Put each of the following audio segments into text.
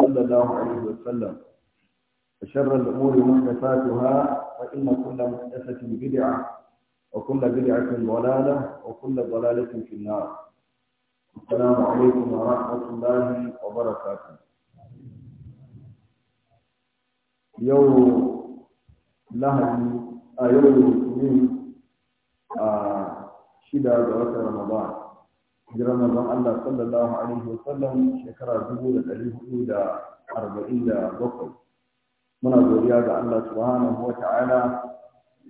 صلى الله عليه وسلم وشر الأمور محدثاتها فإن كل محدثة بدعة وكل بدعة ضلالة وكل ضلالة في النار السلام عليكم ورحمة الله وبركاته يوم لهدي يوم الاثنين شدة رمضان hijirar manzon Allah sallallahu alaihi sallam shekara dubu da ɗari hudu da arba'in da bakwai muna godiya ga Allah subhanahu wa ta'ala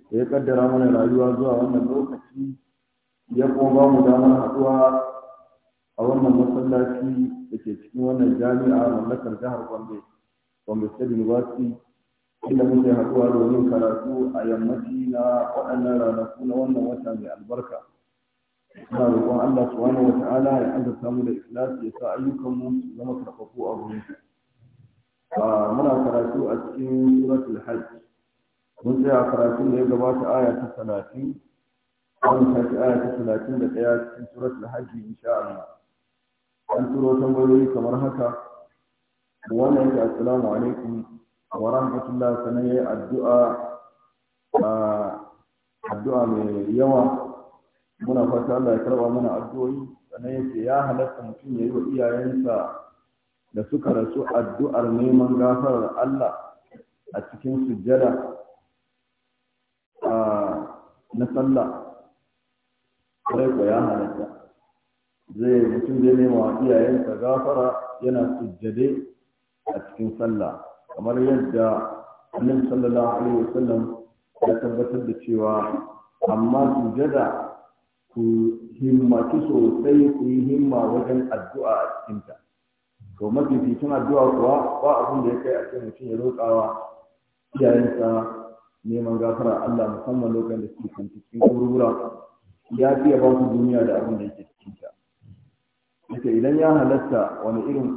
da ya kaddara mana rayuwa zuwa wannan lokaci ya kuma ba mu damar haɗuwa a wannan masallaci da ke cikin wannan jami'a mallakar jihar Gombe Gombe State University inda muke haɗuwa domin karatu a yammaci na waɗannan ranaku na wannan wata mai albarka ina roƙon Allah subhanahu wa ta'ala ya da mu da ikhlasi ya sa ayyukan mu su zama karfafu a gurin muna karatu a cikin suratul hajj mun tsaya karatu da ya gabata aya ta 30 an sake aya ta 31 cikin suratul hajj insha Allah an turo tambayoyi kamar haka wannan yake assalamu alaikum wa rahmatullah sanan yayi addu'a addu'a mai yawa muna fata Allah ya karba mana addu'o'i sannan yace ya halatta mutum ya yi wa iyayensa da suka rasu addu'ar neman gafarar Allah a cikin sujjada na sallah kwarai ko ya halatta zai mutum zai nema wa iyayensa gafara yana sujjade a cikin sallah kamar yadda annabi sallallahu alaihi wasallam ya tabbatar da cewa amma sujada ku himmatu sosai ku yi himma wajen addu'a a cikinta to mafificin addu'a kuwa ba abin da ya kai a ce mutum ya roƙawa iyayensa neman gafara Allah musamman lokacin da suke kan cikin kurbura ya fiye ba ku duniya da abin da yake cikinta yake idan ya halatta wani irin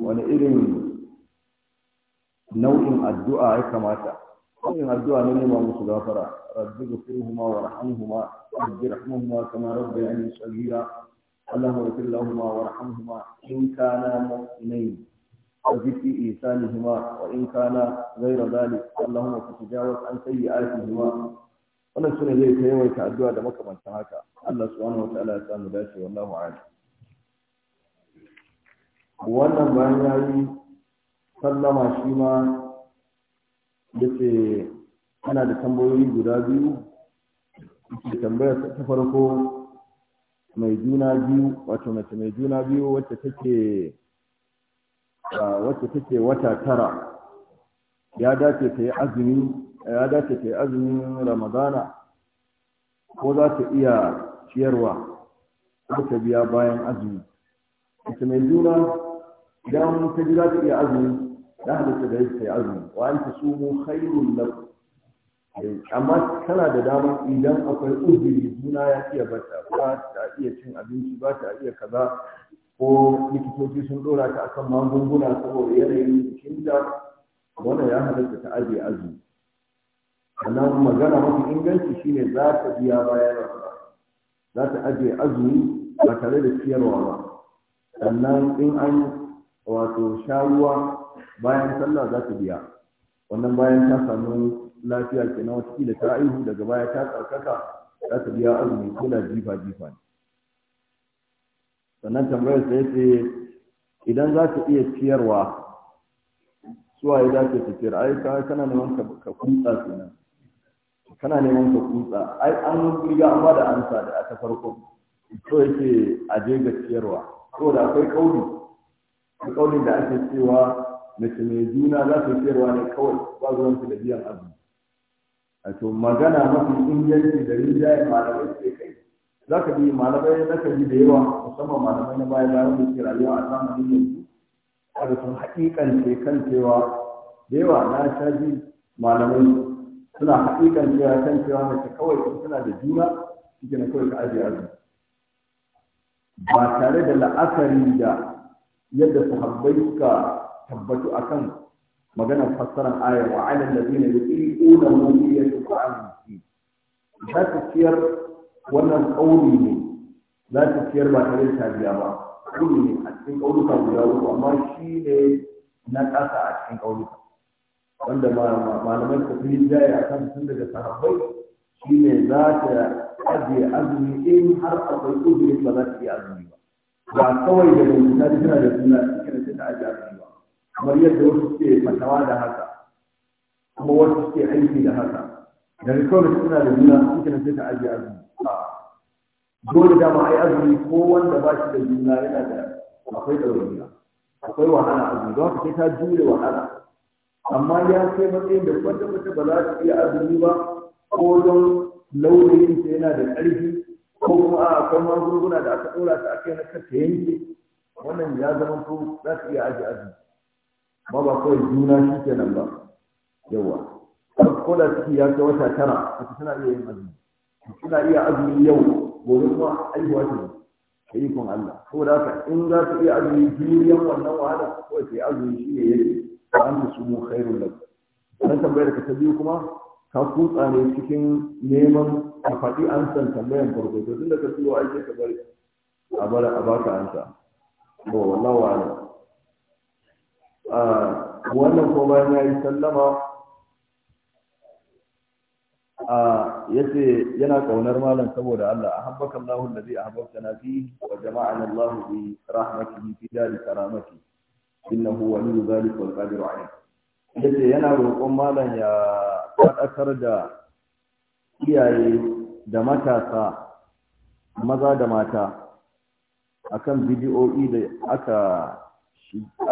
wani irin nau'in addu'a ya kamata ومن الدعاء لما مصد غفرا رب اغفرهما وارحمهما رب ارحمهما كما ربياني صغيرا اللهم اغفر لهما وارحمهما ان كانا مؤمنين وزد في إيسانهما وإن كان غير ذلك اللهم تتجاوز عن سيئاتهما wannan sune zai ta yawaita addu'a da makamantan haka Allah subhanahu wataala ya samu dace wallahu a'lam wannan bayan yayi sallama shi ma yace ana da tambayoyi guda biyu da tambayar ta farko mai juna biyu wato mace mai juna biyu wacce take ah, wacce take wata tara ya dace ta yi azumi ya dace ta yi azumin ramadana ko za ta iya ciyarwa ko ta biya bayan azumi mace mai juna idan ta ji za ta iya azumi da ta yi azumi wa an tasumu khairul lakum amma kana da dama idan akwai uzuri juna ya iya bata ba ta iya cin abinci ba ta iya kaza ko likitoci sun dora ta akan magunguna saboda yanayin jikin da wannan ya halatta ta ajiye azumi sannan magana mafi inganci shine za ta biya bayan rasuwa za ta ajiye azumi ba tare da ciyarwa ba sannan in an wato sha ruwa bayan sallah za ta biya wannan bayan ta samu lafiya kenan kila ta aihu daga baya ta tsarkaka za ta biya azumi ko da jifa jifa ne sannan tambayar sai ce idan za ta iya ciyarwa ya dace ta ciyar ai kana neman ka kuntsa kenan kana neman ka kutsa ai an riga an bada amsa da ta farko to yake a je ga ciyarwa saboda akwai kauli akwai kaulin da ake cewa mace mai juna za su sayarwa ne kawai ba ruwan su da biyan azumi a to magana mafi inganci da rinjaye malamai sai kai za ka bi malamai na kaji da yawa musamman malamai na baya bayan da ke rayuwa a zamanin yanzu a sun haƙiƙance kan cewa da yawa na sha ji malamai suna haƙiƙan cewa kan cewa mace kawai in suna da juna suke na kawai ka ajiye azumi ba tare da la'akari da yadda sahabbai suka tabbatu akan maganar fassarar ayar wa ala alladhina yuqiquna mu'minatu ta'amu za ta ciyar wannan kauli ne za ta ciyar ba tare da tabiya ba kauli ne a cikin kauluka guda uku amma shi ne na ƙasa a cikin kauluka wanda malaman ta fi jaya a kan tun daga sahabbai shi ne za ta ajiye azumi in har akwai uzurin ba za ta iya azumi ba ba kawai daga mutum ta tana da suna cikin da ta ajiye azumi ba kamar yadda wasu suke fatawa da haka kuma wasu suke aiki da haka da kawai suna da juna suke nan sai ta ajiye azumi dole dama ai azumi ko wanda ba shi da juna yana da akwai ɗaurina akwai wahala azumi don haka sai ta jure wahala amma ya kai matsayin da kwata mace ba za su iya azumi ba ko don launayin ta yana da ƙarfi ko kuma a akwai magunguna da aka ɗora ta a kai na kasa yanke wannan ya zama ko za su iya ajiye azumi ba ba kawai juna shi ke nan ba yawa ko da ciki ya kai wata tara wata tana iya yin azumi suna iya azumi yau gobe kuma aihuwa ce ka yi kun Allah da haka in za ka iya azumi juriyan wannan wahala ko ka yi azumi shi ne yake ba an ta sumu khairun lahu dan tambayar ka ta biyu kuma ka kutsa ne cikin neman a faɗi an san tambayar farko to tunda ka ciwo aiki ka bari a bar a baka ansa to wallahi wa'ala Ah, wannan ko bayan ya yi sallama ah, ya ce yana ƙaunar malam saboda Allah a habbaka Allah allazi a habbaka na fi wa jama'ana Allah bi rahmatihi fi dari karamati innahu waliyyu zalika wal qadiru alayh yace yana roƙon malam ya faɗakar da iyaye da matasa maza da mata akan bidiyo'i da aka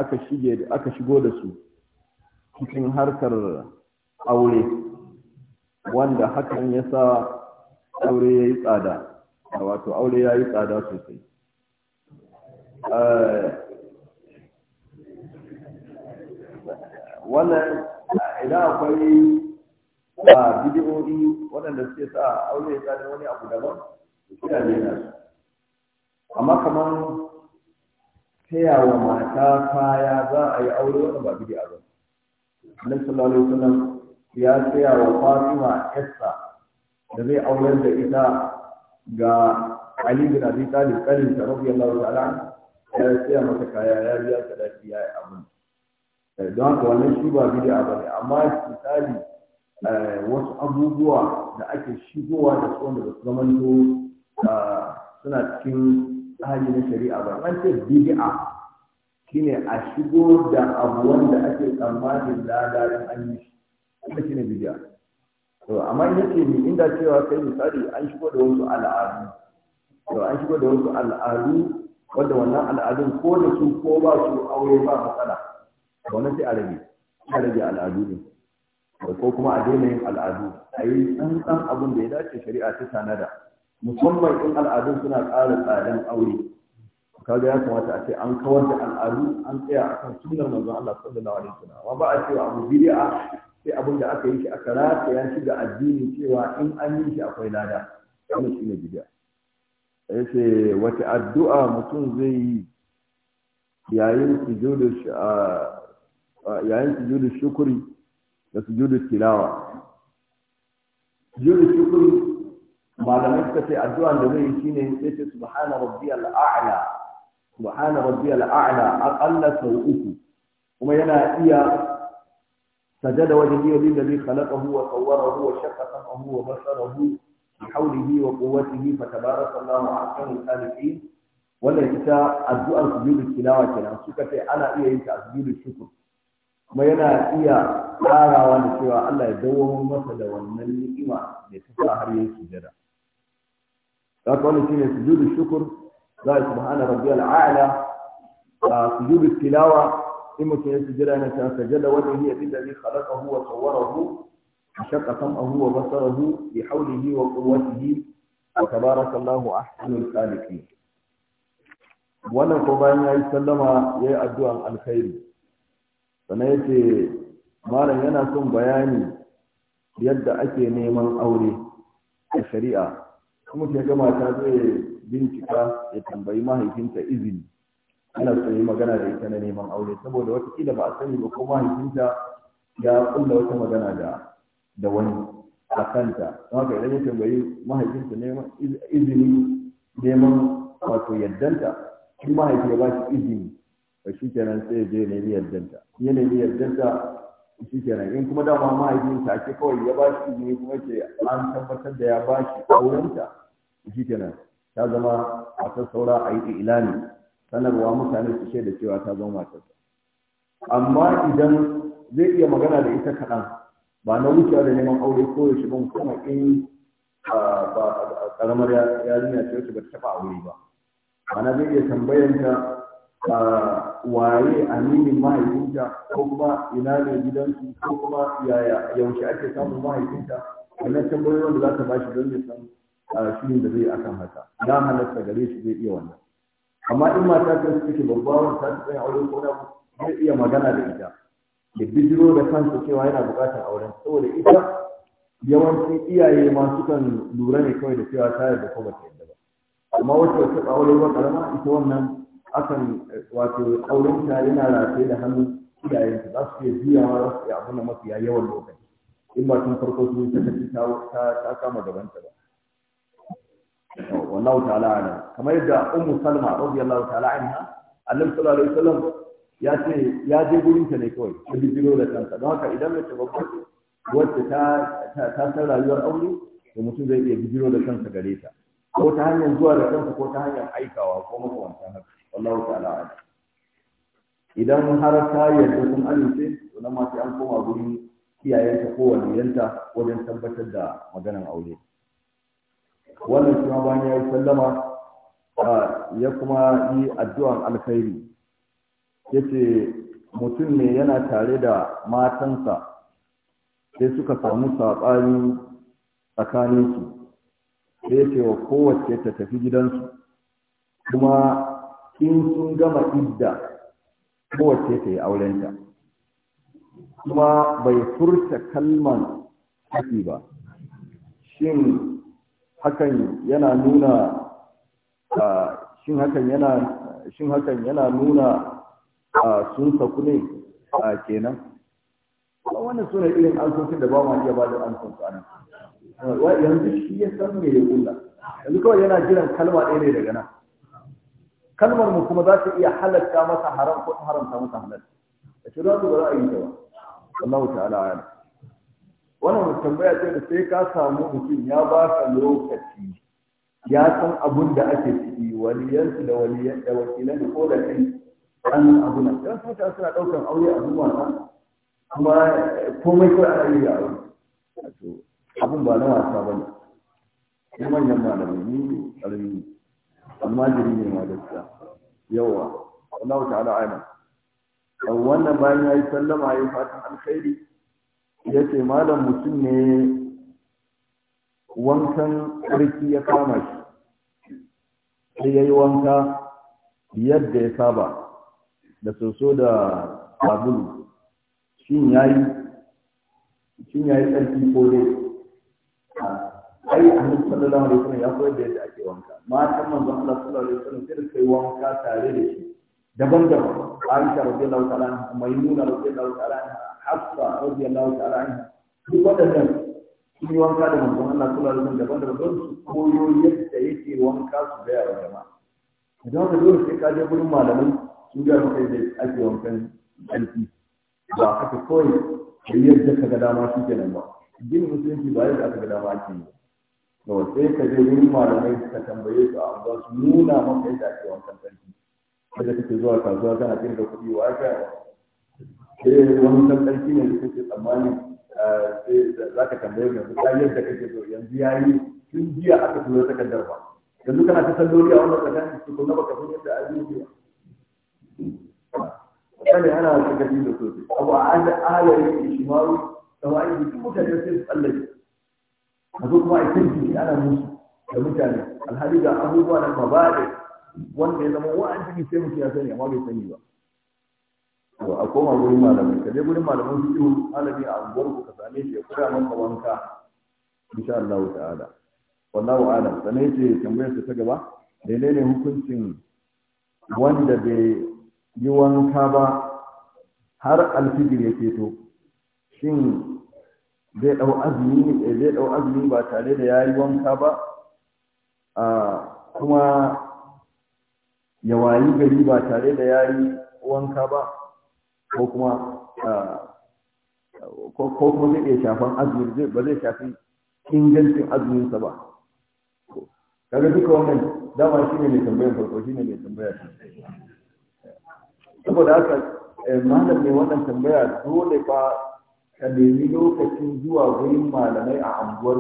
aka shige aka shigo da su cikin harkar aure wanda hakan ya sa aure ya yi tsada wato aure ya yi tsada sosai eh, wannan idan akwai a bidiyoyi waɗanda suke sa aure ya tsada wani abu daban su ne na amma kamar taya wa mata kaya za a yi aure wani ba bidi ba annabi sallallahu alaihi wasallam ya taya wa fatima yassa da zai aurar da ita ga ali bin abi talib kalin sa radiyallahu ta'ala ya taya mata kaya ya biya sadaki ya yi abin eh, don haka wannan shi ba bidi ba ne amma misali eh, wasu abubuwa da ake shigowa da su wanda ba su zamanto ah, suna cikin tsari na shari'a ba an ce bid'a shine a shigo da abu wanda ake tsammanin ladarin an yi shi, kuma shine bid'a to amma in yace ni inda cewa kai misali an shigo da wasu al'adu to an shigo da wasu al'adu wanda wannan al'adun ko da su ko ba su aure ba matsala wannan sai arabi arabi al'adu ne ko kuma a daina yin al'adu a yi tsantsan abin da ya dace shari'a ta tanada musamman in al'adun suna ƙara tsadan aure kaga ya kamata a ce an kawar da al'adu an tsaya a kan sunan manzon Allah sallallahu alaihi wasallam amma ba a cewa abu bid'a sai abin da aka yi shi aka rataya ya shiga addini cewa in an yi shi akwai lada wannan shine bid'a yace wata addu'a mutum zai yi yayin sujudu yayin sujudu shukuri da sujudu tilawa sujudu shukuri malamai suka ce addu'a da zai yi shine ya ce subhana rabbiyal a'la subhana rabbiyal a'la aqalla sau uku kuma yana iya sajada da bi khalaqahu wa sawwarahu wa shaqqahu wa basarahu بحوله وقوته فتبارك الله احسن khaliqin wannan ita addu'ar sujudu tilawa kenan suka ce ana iya yin ta sujudu shukr kuma yana iya tsarawa da cewa Allah ya dawo masa da wannan ni'ima da ta sa har yayin sujada haka wannan shine sujudu shukur za a subhana rabbiyal a'la sujudu tilawa in mutum ya sujada yana cewa sajada wanda hiya billazi khalaqahu wa sawwarahu وشق سمعه وبصره بحوله وقوته allahu الله أحسن الخالقين wannan ko bayan ya yi sallama ya yi addu'an alkhairi sannan ya ce malam yana son bayani yadda ake neman aure a shari'a kuma ke gama ta zai bincika ya tambayi mahaifinta izini ana so yi magana da ita na neman aure saboda kila ba a sani ba ko mahaifinta ya kulla wata magana da da wani a kanta don haka idan ya tambayi mahaifinta neman izini neman wato yaddanta in mahaifi ya ba shi izini ba shi kenan sai ya je nemi yaddanta ya nemi yaddanta shi kenan in kuma dama mahaifinta ake kawai ya ba shi izini kuma ce an tabbatar da ya ba shi aurenta shi kenan ta zama matar saura a yi ilani sanarwa mutane su shaida cewa ta zama matar amma idan zai iya magana da ita kaɗan ba na wucewa da neman aure ko ya shiga kuma in ƙaramar yarinya ce wacce ba ta taɓa aure ba ana zai iya tambayanta waye aminin mahaifinta ko kuma ina ne gidansu ko kuma yaya yaushe ake samun mahaifinta wannan tambayoyin da za ta bashi don ya samu shirin da zai akan haka ya halatta gare shi zai iya wannan amma in mata ta suke babba wanda ta tsaye auren ko zai iya magana da ita da bijiro da kansa cewa yana buƙatar auren saboda ita yawancin iyaye ma sukan lura ne kawai da cewa ta yarda ko bata yarda ba amma wacce wacce ba auren ruwan karama ita wannan akan wato auren ta yana rataye da hannun iyayen ta za su iya juyawa za su iya abin mafiya yawan lokaci in ba tun farko sun ta ta kama gabanta ba wallahu ta'ala alam kamar yadda ummu salma radiyallahu ta'ala anha annabi sallallahu alaihi wasallam ya ce ya je gurin ta ne kawai ta bijiro da kansa don haka idan mace babba wacce ta ta san rayuwar aure to mutum zai iya bijiro da kansa gare ta ko ta hanyar zuwa da kansa ko ta hanyar aikawa ko makamantan haka wallahu ta'ala alam idan har ta yarda sun amince to nan ma sai an koma gurin iyayenta ko waliyanta wajen tabbatar da maganan aure wannan shi ma bayan ya yi sallama ya kuma yi addu'an alkhairi ya ce mutum ne yana tare da matansa sai suka samu saɓani tsakaninsu sai ce wa kowace ta tafi gidansu kuma in sun gama idda kowace ta yi aurenta kuma bai furta kalman kafi ba shin hakan yana nuna shin hakan yana shin hakan yana nuna sun saku ne a kenan wannan suna irin ansoshin da ba ma iya ba da ansos a nan yanzu shi ya san me ya kulla yanzu kawai yana jiran kalma ɗaya ne daga nan kalmar mu kuma za ta iya halatta masa haram ko haramta masa halal a ce za su ba za a yi ta ba Allah ta'ala wannan tambaya ce da sai ka samu mutum ya ba ka lokaci ya san abun da ake ciki waliyansu da waliyan da wakilan da ko da kai an abu na dan mutane suna daukan aure a zuwa na kuma komai ko ana yi a aure abun ba na wasa bane ne manyan malamai ni karami amma jiri ne ma gaskiya yawa Allah ta'ala aina wannan bayan yayi sallama yayi fatan alkhairi ya ce malam mutum ne wankan ƙarfi ya kama shi sai ya yi wanka yadda ya saba da soso da sabulu shin ya yi tsarki ko dai ai a nan da wani wasallam ya koyar da yadda ake wanka matan manzon Allah sallallahu alaihi wasallam sai kai wanka tare da shi daban-daban Aisha radiyallahu ta'ala mai Maimuna radiyallahu ta'ala anha Hafsa radiyallahu ta'ala anha duk waɗannan sun yi wanka da manzon Allah sallallahu alaihi wasallam daban-daban don su koyo yadda yake wanka su da yawa jama'a idan ka dole sai ka je gurin malamai sun ga maka yadda ake wankan alfi ba haka kawai ka yi yadda ka ga dama shi kenan ba addinin musulunci ba yadda aka ga dama ake yi ba, sai ka je wurin malamai ka tambaye su a unguwa su nuna maka yadda ake wankan alfi kada kake zuwa kasuwa kana kirga kuɗi wa ake sai eh, wani sarki ne da kake tsammani eh, za ka tambaye ka yanzu ta yadda kake so yanzu ya yi tun jiya aka tura takardar ba yanzu kana ta salloli a wannan tsakanin su kuma baka san yadda a yi kane ana sakaci da sosai abu a an da alayi sama a yi jikin mutane sai su tsallake a zo kuma a kirki ana musu da mutane alhali ga abubuwa na mabade wanda ya zama wa'an jiki sai mutum ya sani amma bai sani ba to a koma gurin malamai ka je gurin malaman fiqh malami a unguwar ku ka same shi ya kura maka wanka insha Allah ta'ala wallahu alam sanai ce tambayar ta gaba daidai ne hukuncin wanda bai yi wanka ba har alfijir ya keto shin zai dau azumi eh, zai dau azumi ba tare da yayi wanka ba a kuma ya wayi gari ba tare da yayi wanka ba Ah, ko kuma zai iya shafan azumin zai ba zai shafi ingancin azuminsa ba kaga duka wannan dama shi ne mai tambayar farko shi ne mai tambaya saboda haka eh, malam mai wannan tambaya dole ba ka nemi lokacin zuwa wurin malamai a anguwar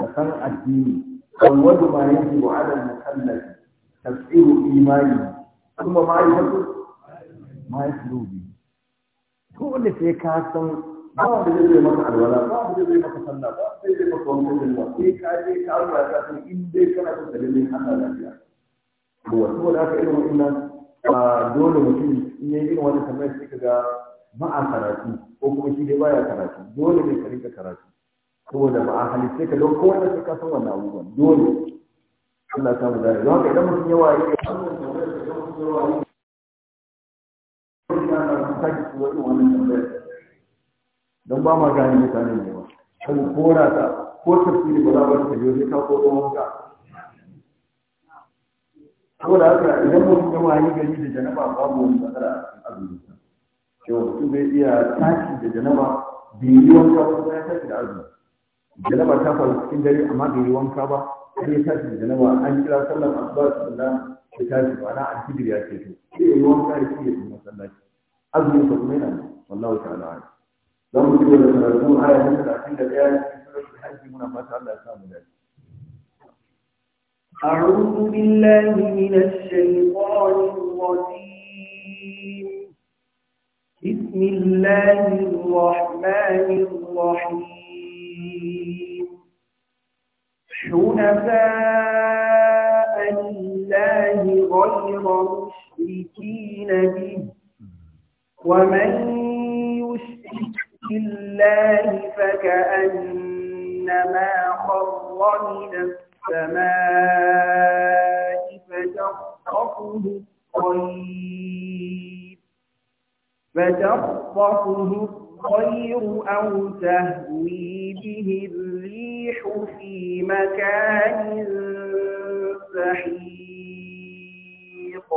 ka san addini awwal ma yajibu ala al-mukallaf tasdiru imani kuma ma'rifatu ma yaslubi dole sai ka san ba da zai zai maka alwala ba da zai maka sallah ba wanda zai maka wani mutum ba sai ka je ka ruwa ka san in dai kana son ka dalilin Allah lafiya to wato da aka irin wannan dole mutum in yayi irin wannan tambayar sai ka ga ba a karatu ko kuma shi dai baya karatu dole ne ka rinka karatu saboda ba a sai ka don kowa da ka san wannan abubuwan dole Allah ta mu zai don haka idan mutum ya waye ya san wannan tambayar da yawa ku sake turo irin wannan tambayar don ba ma gane mutane ne ba kan kora ta ko tafsiri ba za ba ta biyo sai ka ko tsohon ka saboda haka idan mutum ya wayi gari da janaba babu wani matsala a cikin azumi yau mutum zai iya tashi da janaba bai yi wanka ba ya tashi da azumi janaba ta faru cikin dare amma bai yi wanka ba har ya tashi da janaba an kira sallar asuba sallah da tashi ba na alfijir ya ce to sai ya yi wanka ya ce ya masallaci أبني تؤمنا والله تعالى عالم لو كده لما نكون على الآن في الحج منافسة على أسلام ذلك أعوذ بالله من الشيطان الرجيم بسم الله الرحمن الرحيم حنفاء لله غير مشركين به ومن يشرك بالله فكأنما خر من السماء فتخطفه الطير فتخطفه الطير أو تهوي به الريح في مكان سحيق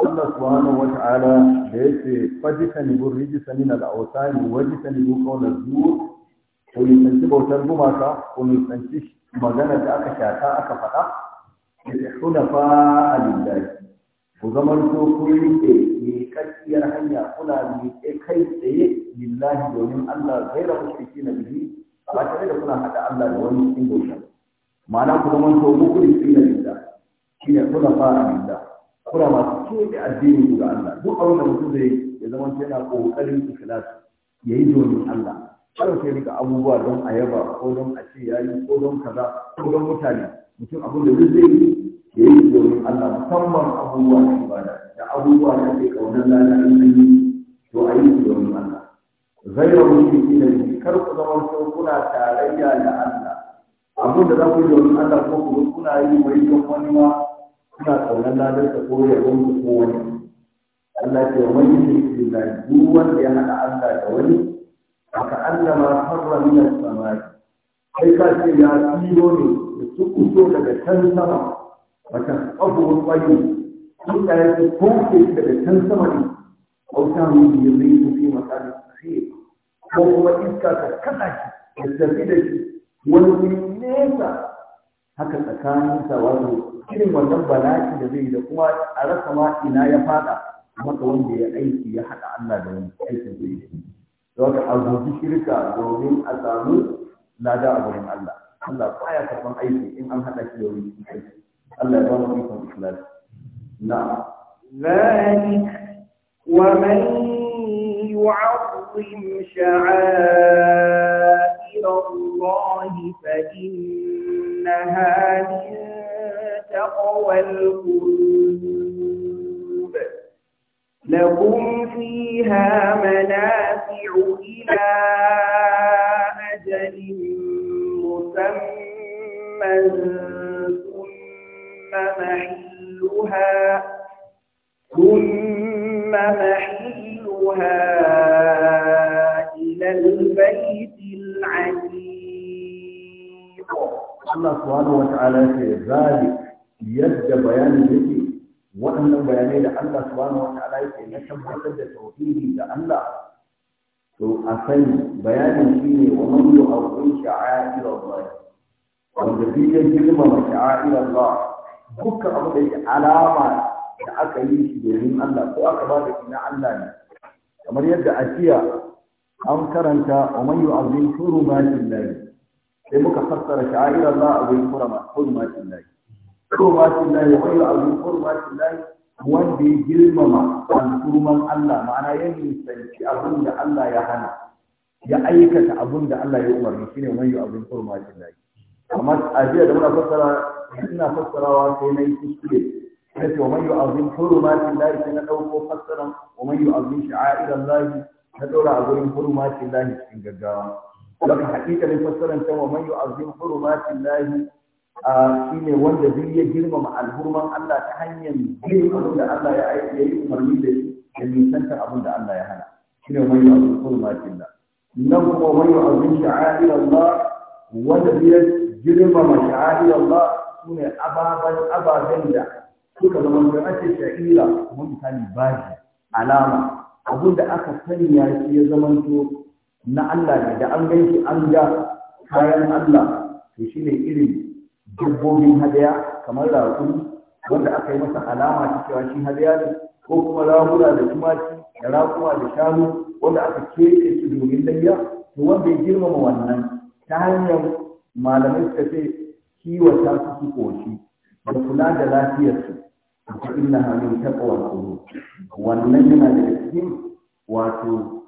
Allah subhanahu wa ta'ala da yake fajita ni gun rijisa min al-awsani wajita ni gun qawla zuwa ko nisanci bautar gumaka ko nisanci magana da aka shata aka faɗa fa a lillahi ku zama to ku rike ne kakkiyar hanya kuna miƙe kai tsaye lillahi domin Allah gaira mushriki na bihi ba tare da kuna haɗa Allah da wani cikin bauta ma'ana ku zama to mukulisi na lillahi fa a lillahi kuna masu keɓe addini ga Allah duk abin da mutum zai ya zama yana ƙoƙarin ikhlas ya yi domin Allah kada sai rika abubuwa don a yaba ko don a ce ya yi ko don kaza ko don mutane mutum abin da zai yi ya yi domin Allah musamman abubuwa na ibada da abubuwa da ke kaunar lalata in yi to a yi domin Allah zaira mushriki da shi kar ku zama sun kuna tarayya da Allah abin da za ku yi domin Allah ko ku kuna yi wai don wani ma suna ƙaunar ladar ta ko yabon ku ko wani Allah ce wa mai shirki na duk wanda ya haɗa Allah da wani aka Allah ma harra min samari. kai ka ce ya tilo ne da su kuso daga can sama wata abubuwan ƙwayo sun ɗaya su koke daga can sama ne bauta mu yi zai fi masalin sahih ko kuma iska ta kaɗa shi da tafi da shi wani nesa haka tsakanin sa wato irin wannan bala'i da zai da kuma a rasa ma ina ya fada maka wanda ya aiki ya haɗa Allah da wani aikin da yake don haka a guji shirka domin a samu lada a gurin Allah Allah baya karban aiki in an haɗa shi da wani aiki Allah ya ba mu ikon islam na'am ذلك ومن يعظم شعائر الله فإنها من تقوى القلوب لكم فيها منافع إلى أجل مسمى ثم محلها ثم محلها إلى البيت العتيق الله سبحانه وتعالى في ذلك yadda bayanin yake waɗannan bayanai da Allah subhanahu wata'ala yake na tabbatar da tauhidi da Allah to a sani bayanin shine wa man yu'awwil sha'a'ir Allah wanda bi ya girmama sha'a'ir Allah duka abu da alama da aka yi shi domin Allah ko aka ba da na Allah ne kamar yadda a jiya an karanta wa man yu'awwil hurumatin lahi sai muka fassara sha'a'ir Allah a wurin hurumatin lahi kurmatin lahi wani abu kurmatin lahi wanda ya girmama turman Allah ma'ana ya nisanci abin da Allah ya hana ya aikata abin da Allah ya umarni shine wani abu kurmatin lahi amma a jiya da muna fassara ina fassarawa sai na yi kuskure na ce wa man yu azim hurumatin lahi sai na ɗauko fassara, wa man yu azim sha'iran lahi na ɗaura a gurin hurumatin lahi cikin gaggawa. Daga haƙiƙanin fassaran can wa man yu azim hurumatin lahi shi ne wanda zai ya girmama alhurman Allah ta hanyar bin abin da Allah ya aiki ya yi umarni da shi da nisantar abin da Allah ya hana shi ne wani abu kurmatin da nan kuma wani abu sha'a'ir Allah wanda zai girmama sha'a'ir Allah su ne ababen ababen da suka zama da ake sha'ira kuma misali shi alama abin da aka ya shi ya zamanto na Allah ne da an gan an ga kayan Allah to shine ne irin dabbobin hadaya kamar raƙumi wanda aka yi masa alama ta cewa shi hadaya ne ko kuma rahura da tumaki da raƙuma da shanu wanda aka keɓe su domin layya to wanda ya girmama wannan ta hanyar malamai suka ce kiwata su su koshi da kula da lafiyarsu ta inna hannun taɓa wannan yana da cikin wato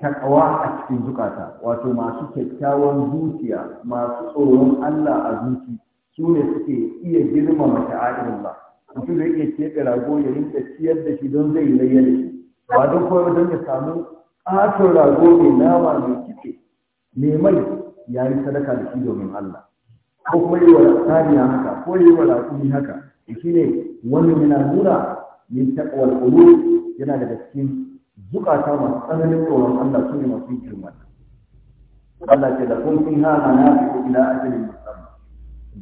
takwa a cikin zukata wato masu kyakkyawan zuciya masu tsoron Allah a zuci su ne suke iya girmama sha'a'irullah mutum da yake ke rago ya rinka ciyar da shi don zai layya da shi ba don kawai don ya samu ƙaton rago mai nama mai kike mai mai ya yi sadaka da shi domin Allah ko kuma yi wa saniya haka ko yi wa raƙumi haka shi ne wannan yana nuna min taqwal qulub yana daga cikin zukata masu tsananin tsoron Allah su ne masu girma Allah ce da kun fi hana na fi ila ajalin musamman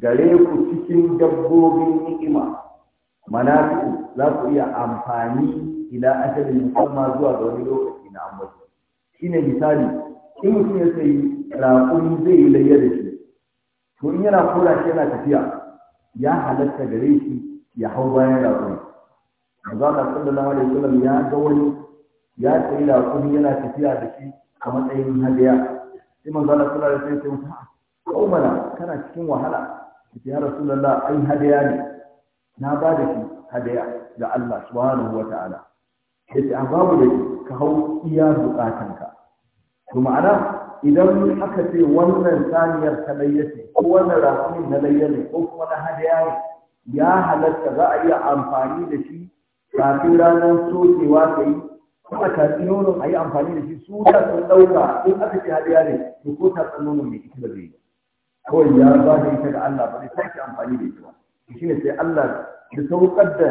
gare ku cikin dabbobin ni'ima manafi'u za ku iya amfani ila ajalin musamman zuwa ga wani lokaci na Shi ne misali in mutum ya sayi raƙumi zai yi layya da shi to in yana kura shi yana tafiya ya halatta gare shi ya hau bayan raƙumi Zaka sallallahu alaihi sallam ya ga wani ya tsaye da kuma yana tafiya da shi a matsayin hadiya sai manzo Allah sallallahu alaihi wasallam sai ta kaumana kana cikin wahala ya rasulullah ai hadiya ne na ba da shi hadiya ga Allah subhanahu wataala yace an babu da ka hau iya bukatanka to ma'ana idan aka ce wannan saniyar ta layyace ko wannan rakumin na layyace, ko kuma na hadiya ne ya halatta za a iya amfani da shi kafin ranar sokewa ta yi kuma tatsi nono a yi amfani da shi su sun ɗauka in aka ce hadiya ne to ko tatsan nonon mai ita ba zai kawai ya ba da ita ga Allah ba zai sake amfani da ita ba shi ne sai Allah da saukar da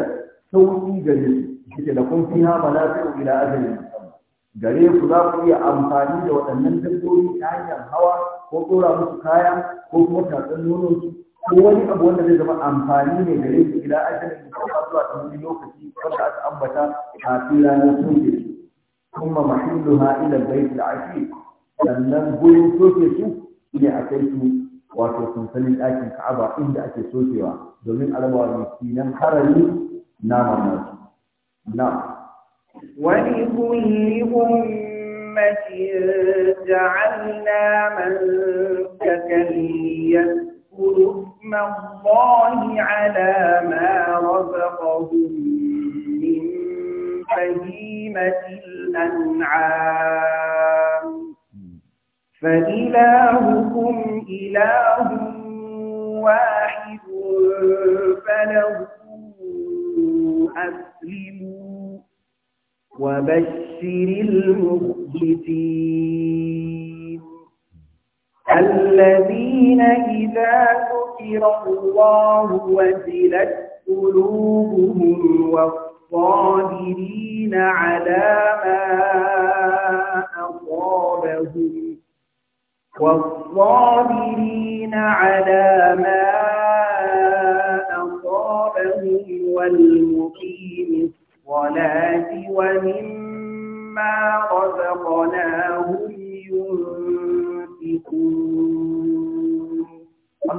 sauƙi gare su shi ke da kun fi ha malafi'u ila ajalin musamman gare ku za ku iya amfani da waɗannan dabbobi ta hanyar hawa ko ɗora musu kaya ko kuma tatsan nonon su ko wani abu wanda zai zama amfani ne gare idan ila ajalin musamman zuwa ta wani lokaci wanda aka ambata kafin ranar soke su kuma mahilluha ila bait da aqiq sannan gurin soke su ne a kai su wato sansanin ɗakin ka'aba inda ake sokewa domin alabawa miskinan harari naman nasu na ولكل أمة جعلنا منسكا يذكروا حكم الله على ما رزقهم من فهيمة الأنعام فإلهكم إله واحد فله أسلموا وبشر المخبتين الذين إذا غفر الله وزلت قلوبهم والصابرين على ما أصابهم والصابرين على ما أصابهم والمقيم الصلاة ومما رزقناهم ينفقون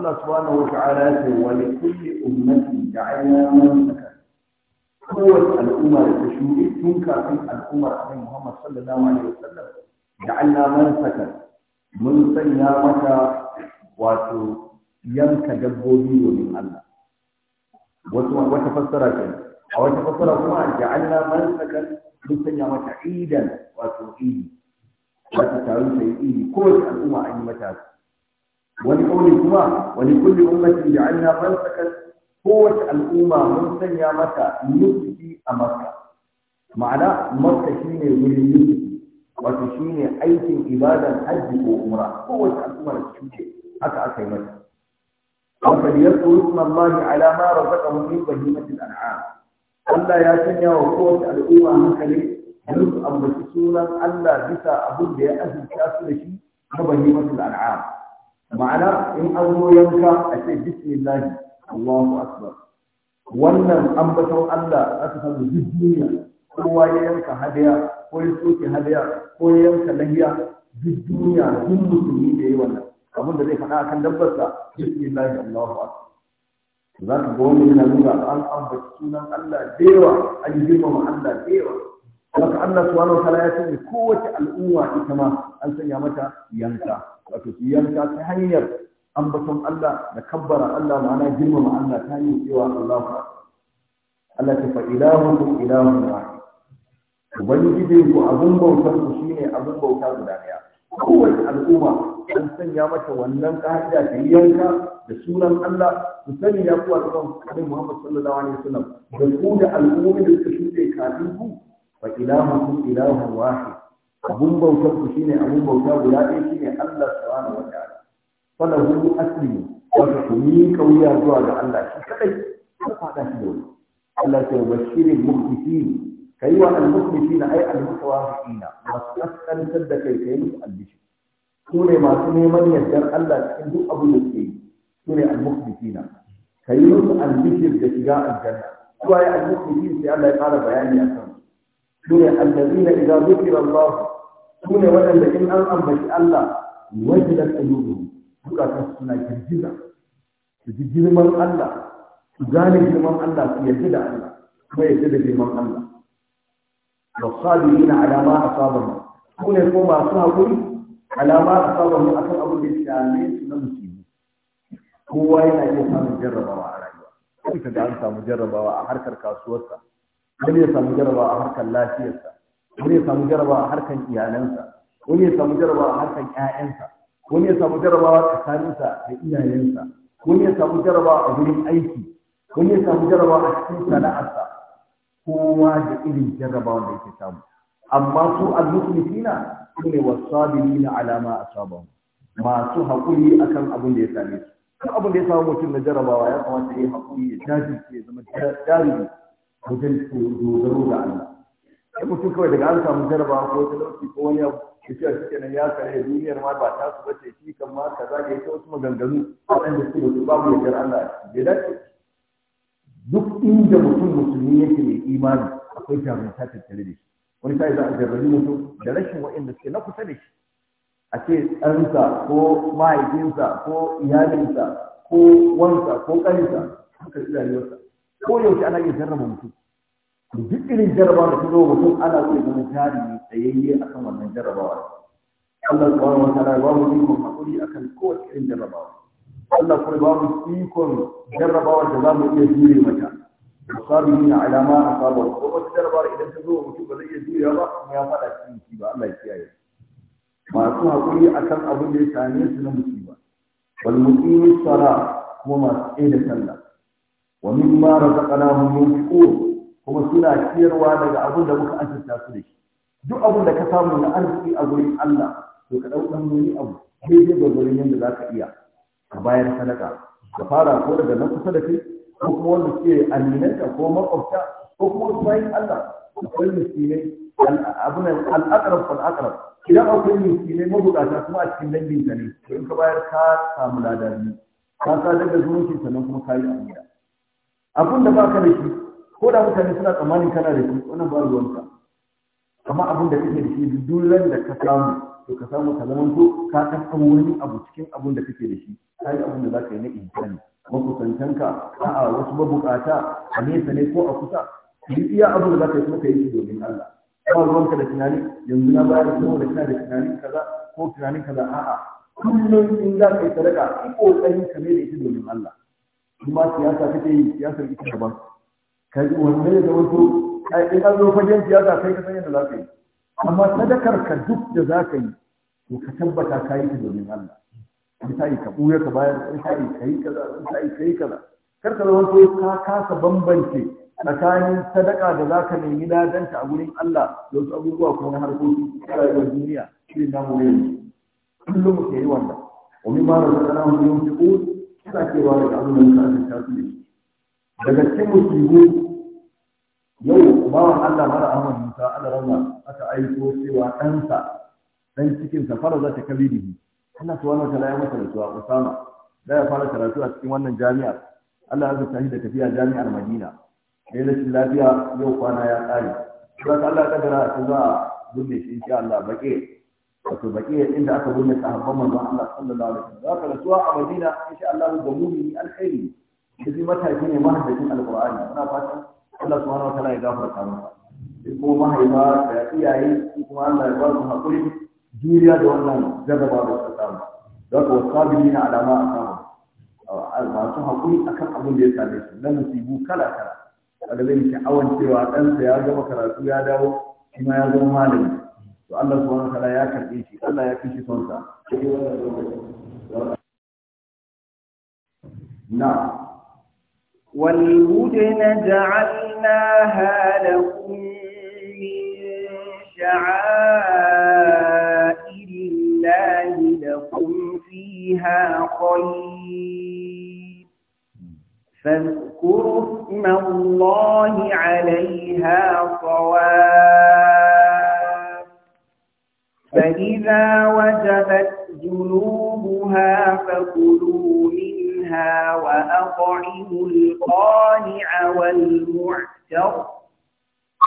الله سبحانه وتعالى ولكل أمة جعلنا منسكا قوة الأمر تشوي تنكا في الأمر عن محمد صلى الله عليه وسلم جعلنا منسكا من سينا مكا واتو يمكا جبوبي ومن الله واتو وتفسر أو تفسر كما جعلنا منسكا من سينا عيدا واتو عيد واتو تعوي سيئي قوة الأمر عن متاسك wani kauli kuma wani kulli ummatin ja'alna fansakan kowace al'umma mun sanya mata nufi a makka ma'ana shi ne wurin nufi wato shi ne aikin ibadan hajji ko umra kowace al'umma da cuce haka aka yi mata وفليذكروا اسم الله على ما رزقهم من بهيمة الأنعام Allah ya sanya wa kowace al'umma hankali duk ambaci sunan Allah bisa abin da ya azurta su da shi na bahimatul al'am ma'ana in an zo yanka a ce bismillah Allahu akbar wannan ambaton Allah aka samu duk duniya kowa ya yanka hadiya ko ya soke hadiya ko ya yanka lahiya duk duniya duk musulmi da yi wannan abin da zai faɗa a kan dabbarsa bismillah Allahu akbar za ka ga wani yana nuna an ambaci sunan Allah da yawa an girmama Allah da yawa haka Allah subhanahu wa ta'ala ya sanya kowace al'umma ita ma an sanya mata yanka wato su yanka ta hanyar ambaton Allah da kabbara Allah ma'ana girmama Allah ta hanyar cewa Allahu akbar Allah ta fa ilahukum ilahun wahid ubangiji ku abun bautar ku shine abun bauta guda daya kowace al'umma an sanya mata wannan ka'ida ta yanka da sunan Allah ku sani ya kuwa zuwa Annabi Muhammad sallallahu alaihi wasallam da ku da al'ummi da suka shuɗe kafin ku fa ku ilahun wahid abun bautar ku shine abun bauta guda ɗaya shine Allah subhanahu wa ta'ala falahu asli wato ku yi kauya zuwa ga Allah shi kadai kar fada shi da Allah ya bashirin mukhlisin kai wa al-mukhlisin ay al-mutawafiqina masu kaskantar da kai kai musu albishi su ne masu neman yardar Allah cikin duk abin da suke yi su ne al-mukhlisina kai musu albishir da shiga aljanna suwaye al-mukhlisin sai Allah ya fara bayani akan su ne allazina idza dhukira Allah su ne waɗanda in an ambaci Allah wajen da kulubu zukatan suna girgiza su ji girman Allah su gane girman Allah su yarda da Allah kuma yarda da girman Allah wasabirina ala ma asabahum su ne ko masu haƙuri ala ma asabahum akan abin da ya shafe su na musibi kowa yana iya samun jarrabawa a rayuwa sai ka ga an samu jarrabawa a harkar kasuwarsa wani ya samu jarrabawa a harkar lafiyarsa wani ya samu jaraba a harkan iyalansa wani ya samu jaraba a harkan ƴaƴansa wani ya samu a tsakaninsa da iyayensa wani ya samu jaraba a wurin aiki wani ya samu jaraba a cikin sana'arsa kowa da irin jarabawan da yake samu amma su al-muslimina su ne wasabirina ala ma asabahum masu haƙuri akan abin da ya same su duk abin da ya samu mutum na jarabawa ya kamata ya yi haƙuri ya jajirce ya zama jarumi wajen dogaro da Allah ai mutum kawai daga an samu jarabawa ko talauci ko wani abu ya ce shi kenan ya kare duniyar ma ba ta su bace shi kan ma kaza ne ta wasu maganganu waɗanda suke da su babu yardar Allah ya dace duk inda mutum musulmi yake mai imani akwai jarumta tattare da shi wani sai za a jarrabi mutum da rashin waɗanda suke na kusa da shi a ce ɗansa ko mahaifinsa ko iyalinsa ko wansa ko ƙarinsa haka iyalinsa ko yaushe ana iya jarraba mutum duk irin jarraba da ta zo mutum ana so ya zama jarumi tsayayye kan wannan jarrabawa Allah subhanahu wa ta'ala ba mu ikon hakuri akan kowace irin jarrabawa Allah kuma ba mu ikon jarrabawa da za mu iya jure mata musabihina alama a asaba ko wata jarrabawa idan ta zo mutum ba zai iya jurewa ba kuma ya fada cikin shi ba Allah ya kiyaye masu hakuri akan abin da ya same su na musiba wal muqimi sara kuma masu tsaye da sallah wa mimma razaqnahum yunfiqun kuma suna ciyarwa daga abin da muka azurta su da shi duk abin da ka samu na arziki a gurin Allah to ka ɗau ɗan wani abu daidai ga gurin yadda za ka iya ka bayar sadaka ka fara ko daga na kusa da kai ko kuma wanda ke aminanta ko makwabta ko kuma wasu bayan Allah akwai miskinai abin al'akarar fal'akarar idan akwai miskinai mabukata kuma a cikin dangin ka ne to in ka bayar ka samu ladari ka sadar da zumunci sannan kuma ka yi amina abin da baka da shi ko da mutane suna tsammanin kana da shi wannan ba ruwanka amma abin da kake da shi duk da ka samu to ka samu ka zama ko ka kasance wani abu cikin abin da kake da shi ka abin da za ka yi na insani makusantanka a'a wasu mabukata a nesa ne ko a kusa yi iya abin da za ka yi kuma ka yi shi domin Allah ba ruwanka da tunani yanzu na bayar da da kana da tunanin kaza ko tunanin kaza a'a kullum in za ka yi sadaka ko kokarin ka ne da ita domin Allah kuma siyasa kake yi siyasar ita daban ka yi wanne da wasu in an zo fagen siyasa kai ka san yadda za ka yi amma sadakar ka duk da za ka yi to ka tabbata ka yi ta domin Allah in ta yi ka buya ka bayar in ta yi ka yi kaza in ta yi ka yi kaza kar ka zama ka kasa bambance tsakanin sadaka da za ka nemi na danta a gurin Allah da wasu abubuwa ko na harkoki a rayuwar duniya shi na mu yanzu kullum mu ke yi wannan wa mimma razaqnahum yunfiqun suna cewa daga abin da muka ta daga cikin musibu yau bawan Allah mara Ahmad Musa Alarama aka aiko cewa ɗansa ɗan cikinsa fara za ta kabidihi Allah subhanahu wa ta'ala ya masa rasuwa Usama da ya fara karatu a cikin wannan jami'ar Allah ya zata da tafiya jami'ar Madina sai rashin lafiya yau kwana ya tsare za ka Allah kadara ta za a binne shi insha Allah baƙe wato baƙe inda aka binne sahabban manzon Allah sallallahu alaihi wasallam za ka rasuwa a Madina insha Allah ga mu'mini alkhairi da shi mataki ne mahaifin alkur'ani muna fata Allah subhanahu wa ta'ala ya gafarta masa sai kuma mahaifa da iyaye su kuma Allah ya ba su hakuri juriya da wannan jarraba da suka samu don ka wasu kabili na alama a samu masu hakuri akan abin da ya same su na musibu kala kala wanda zai sha'awan cewa ɗansa ya gama karatu ya dawo shi ya zama malami to Allah subhanahu wa ta'ala ya karɓe shi Allah ya kishi son sa na والهدن جعلناها لكم من شعائر الله لكم فيها خير فاذكروا اسم الله عليها صواب فإذا وجبت جنوبها فكلوا منها منها وأطعموا القانع والمعتر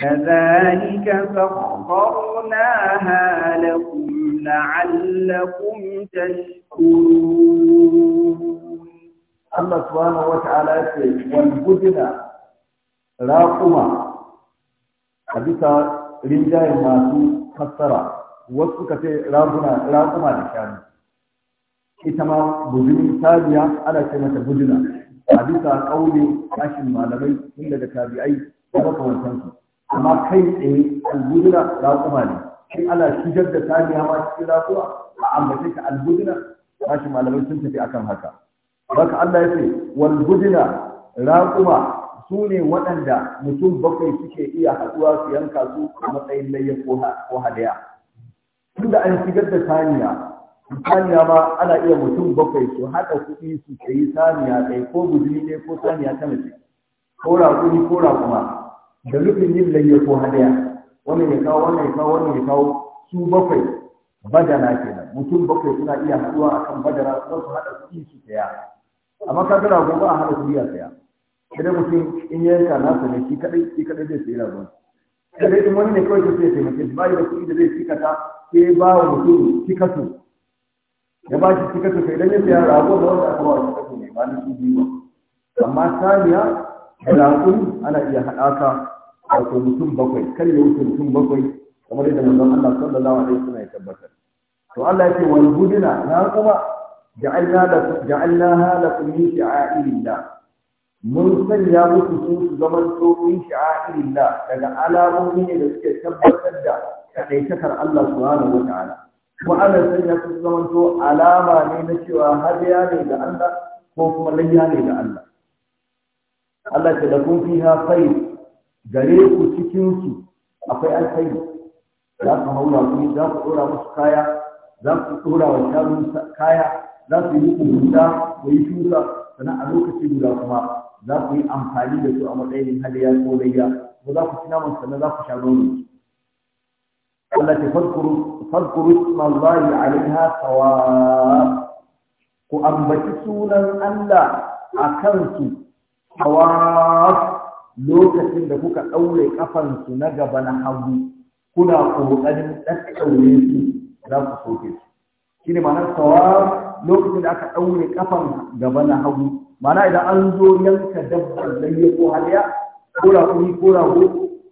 كذلك فخرناها لكم لعلكم تشكرون الله سبحانه وتعالى والبدن راقما حديث رنجاي ما فسرا وصفك راقما راقما لشانه ita ma bujin tabiya ana ce mata bujina a bisa kauli kashin malamai tun daga tabi'ai da makamantansu amma kai tsaye albujina raƙuma ne shi ana shigar da tabiya ma cikin raƙuma a ambace ka albujina kashin malamai sun tafi akan haka haka Allah ya ce wal bujina raƙuma su ne waɗanda mutum bakwai suke iya haɗuwa su yanka su a matsayin layya ko hadaya da an shigar da saniya saniya ma ana iya mutum bakwai su haɗa kuɗi su sayi saniya ɗaya ko guzuri ɗaya ko saniya ta mace ko raƙuni ko raƙuma da nufin yin lanyar ko hadaya wannan ya kawo wannan ya kawo wannan ya kawo su bakwai badana kenan mutum bakwai suna iya haɗuwa akan badana kuma su haɗa kuɗi su saya amma ka ga rago ba a haɗa kuɗi a saya sai mutum in yanka nasa ne shi kaɗai shi kaɗai zai sayi ragon sai dai in wani ne kawai ta sai taimake shi ba da kuɗi da zai cikata sai ba wa mutum cikasu. ya ba shi cika tuka idan ya siya rago da wanda aka ba shi kasu ne ba su biyu amma saniya da raƙun ana iya haɗaka wato mutum bakwai kar ya wuce mutum bakwai kamar yadda manzon Allah sallallahu alaihi wasallam ya tabbatar to Allah yake wal budina na kuma ja'alna lakum ja'alnaha lakum min shi'a'irillah mun sanya muku su su zaman tsohon min daga alamomi ne da suke tabbatar da kadaitakar Allah subhanahu wa ta'ala kuma ana sanya su zamanto alama ne na cewa hadiya ne ga Allah ko kuma layya ne ga Allah Allah ce da kun fiha khair gare ku cikin su akwai alkhairi za ku haura ku za ku dora musu kaya za ku dora wa shanu kaya za ku yi guda ku yi shuka sannan a lokaci guda kuma za ku yi amfani da su a matsayin hadiya ko layya ko za ku ci naman sannan za ku sha nono التي فاذكروا فاذكروا اسم الله عليها ثواب ku ambaci sunan Allah a kansu hawa lokacin da kuka ɗaure ƙafansu na gaba na hagu kuna ƙoƙarin ɗaɗɗaure su za ku soke su shi ne ma'anar sawa lokacin da aka ɗaure ƙafan gaba na hagu ma'ana idan an zo yanka dabbar lalle ko haliya ko raƙumi ko rago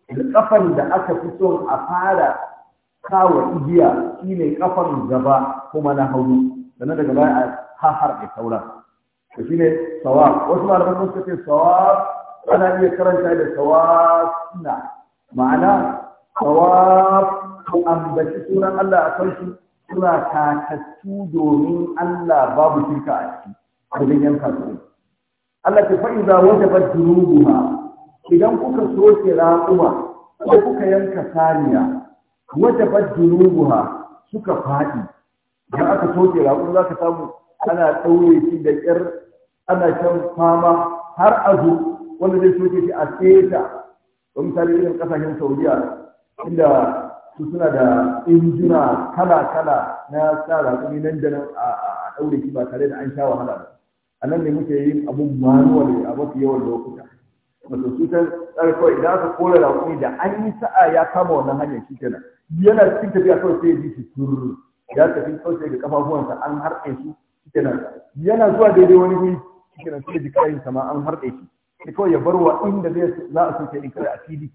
ƙafan da aka fi son a fara kawo igiya shi ne kafar gaba kuma na hagu sannan daga baya a hahar da sauran to shi ne sawa wasu malamai suka ce sawa ana iya karanta da sawa suna ma'ana sawa ku ambaci sunan Allah a kan suna takattu domin Allah babu shirka a ciki wajen yanka su Allah ta fa'iza wata ba durubuha idan kuka soke raƙuma ko kuka yanka saniya Wata wajabat dunubuha suka faɗi da aka soke raƙon za ka samu ana ɗaure shi da ƙyar ana shan fama har azu wanda zai soke shi a tseta Ba misali irin ƙasashen saudiya inda su suna da injina kala-kala na sa raƙumi nan da nan a ɗaure shi ba tare da an sha wahala ba a nan ne muke yin abun manuwal a mafi yawan lokuta wato shi ta tsarko idan aka kora raƙumi da an yi sa'a ya kama wannan hanyar shi kenan yana cikin tafiya kawai sai ya ji shi turur ya tafi kawai sai ga kafafuwansa an harɗe su shi kenan yana zuwa daidai wani wuri shi kenan sai ya ji kayansa ma an harɗe shi sai kawai ya bar wa inda zai za a soke ni kawai a fili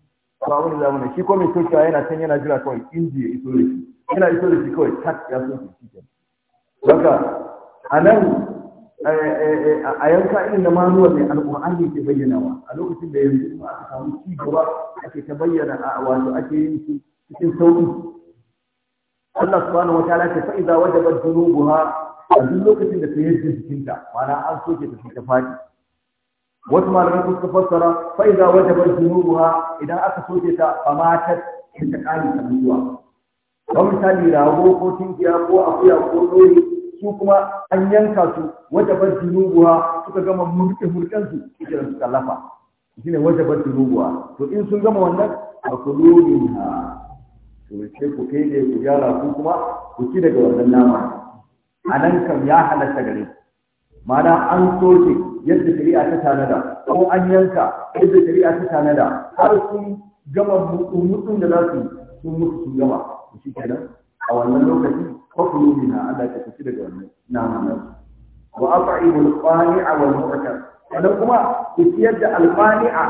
ba wani zamani shi ko mai sokewa yana can yana jira kawai inji ya iso da shi yana iso da shi kawai tak ya soke shi kenan. Haka a nan Eh, eh, eh, a yanka irin da manuwar ne alƙur'ani ke bayyanawa a lokacin da yanzu ba a samu ci gaba ake ta bayyana a wato ake yin su cikin sauƙi Allah subhanahu wataala ce fa idza wajabat dhunubuha a duk lokacin da ta cikin jikinta mana an soke ta ta fadi wasu malamai su ka fassara fa idza wajabat dhunubuha idan aka soke ta fa matat ta kare ta zuwa kamar misali rago ko tinkiya ko akuya ko doyi Ko kuma an yanka su wajabar dunubuwa suka gama murƙe murƙen su ikira su kallafa shine wajabar dunubuwa to in sun gama wannan a kulubinha to sai ku kai da ku gyara ku kuma ku ci daga wannan nama a nan kam ya halatta gare ma'ana an soke yadda shari'a ta tanada ko an yanka yadda shari'a ta tanada har sun gama mutum da za su sun mutu sun gama shi kenan a wannan lokaci kwakwalu ne na Allah ta tafi daga wannan naman nan wa afa'ibul qani'a wal mu'tar wannan kuma ku ciyar da qani'a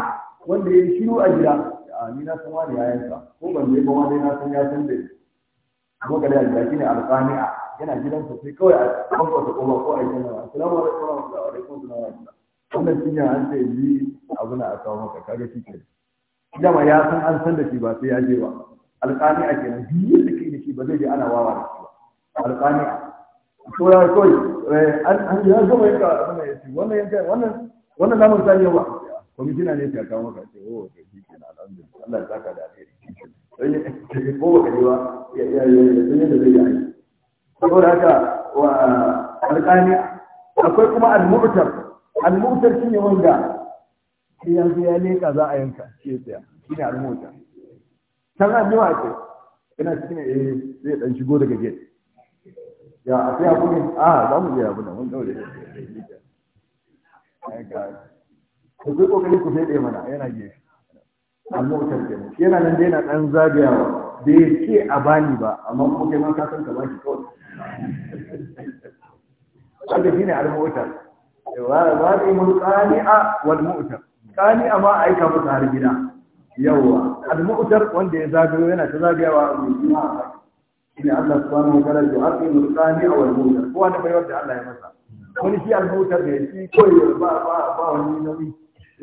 wanda ya shiru a gida ni na san wani yayin sa ko ban je ba ma dai na san ya san dai Kuma kada ya ji ne qani'a yana gidansa sai kawai a kwakwa ta koma ko a yi sanawa assalamu alaikum wa rahmatullahi wa barakatuh wannan shi ne an ce ni abu na a kawo maka kaga shi ke dama ya san an san da shi ba sai ya je ba alƙani a kenan biyu da ke da ba zai je ana wawa da shi ba alƙani'a ko ya koi an ya gama yanka abin ya ce wannan yanka wannan wannan namun sa yau ba kwamitina ne ta kawo maka ce oh ka ji kenan alhamdulillah Allah ya saka da alheri ko ba ka ji ba ya ya ya sun yadda zai yi aiki saboda haka wa alƙani'a akwai kuma al-mu'tar al-mu'tar shine wanda sai yanzu ya leka za a yanka shi ya tsaya shine al-mu'tar kan addu'a ce yana cikin eh zai dan shigo daga gate ya a sai kuma? a ah, za mu je abu nan mun daure ku zai kokari ku fede mana yana gefe amma wutar ke mu yana nan dai na dan zagayawa bai ce a bani ba amma kuma kai ma ka san ka baki kawai wanda shine al-mu'tar wa wa mun qani'a wal mu'tar qani'a ma aika masa har gida Yawwa, al-mu'tar wanda ya zagayo yana ta zagayawa a juma'a shine Allah subhanahu wa ta'ala ya haƙi mutani aw al-mu'tar ko wanda bayar da Allah ya masa wani shi al-mu'tar da shi ko ya ba ba ba wani nauyi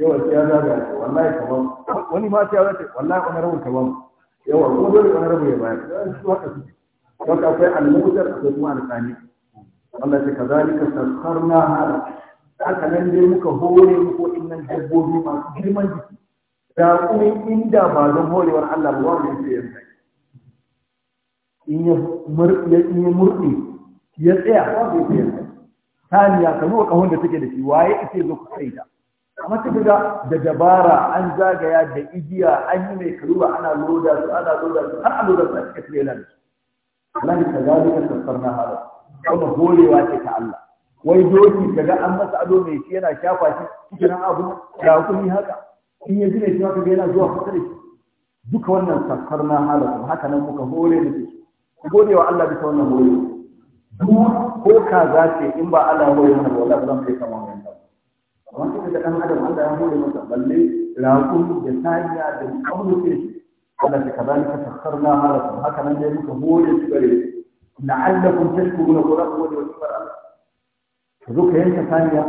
yawa ya zagaya wallahi kamar wani ma sai ya wace wallahi honorable kamar yawa ko dole honorable ya bayar su haka su haka akwai al-mu'tar ko kuma al-qani Allah ya kazalika tasarna hada haka nan dai muka hore muku innan dabbobi masu girman jiki kuma inda ba don horewar Allah ba wanda ya tsaye in ya murɗi, ya tsaya wanda ya tsaye saniya ka wa ƙahon da take da shi waye ake zo ku tsaye ta amma ta ga da dabara an zagaya da igiya an yi mai karuwa ana loda su ana loda su har a loda su a cikin trailer da su Allah ka zalika sassarna hada kuma horewa ce ta Allah wai doki kaga an masa ado mai shi yana shafa shi cikin abu da kuma haka in ya gina shi za ka ga yana zuwa kusa shi duka wannan sassar na halatu haka nan kuka hore da shi ku gode wa Allah bisa wannan hore duk ko ka za ce in ba Allah ya hore mana wallahi zan kai kama wannan amma sai da dan adam Allah ya hore masa balle raƙum da saniya da kamun ke shi Allah ta kazalika sakharna halatu haka nan dai muka hore shi gare la'allakum tashkuruna ko za ku gode wa Allah ka zo ka yanka saniya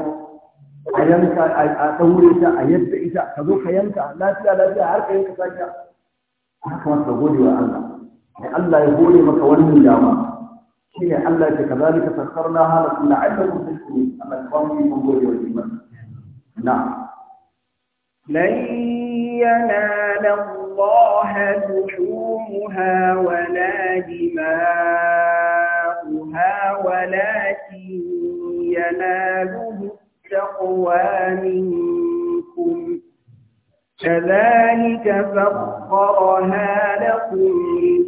a yanka a ɗaure ta a yadda ita ka zo ka yanka lafiya lafiya har ka yanka sakiya haka wata gode wa Allah da Allah ya gode maka wannan dama shi ne Allah ya ce ka zalika sassarna halakun la'ayyar musulmi Allah ya ba mu yi gode wa iman na'am لن ينال الله لحومها ولا دماؤها ولكن يناله أقوامكم كذلك فخرها لكم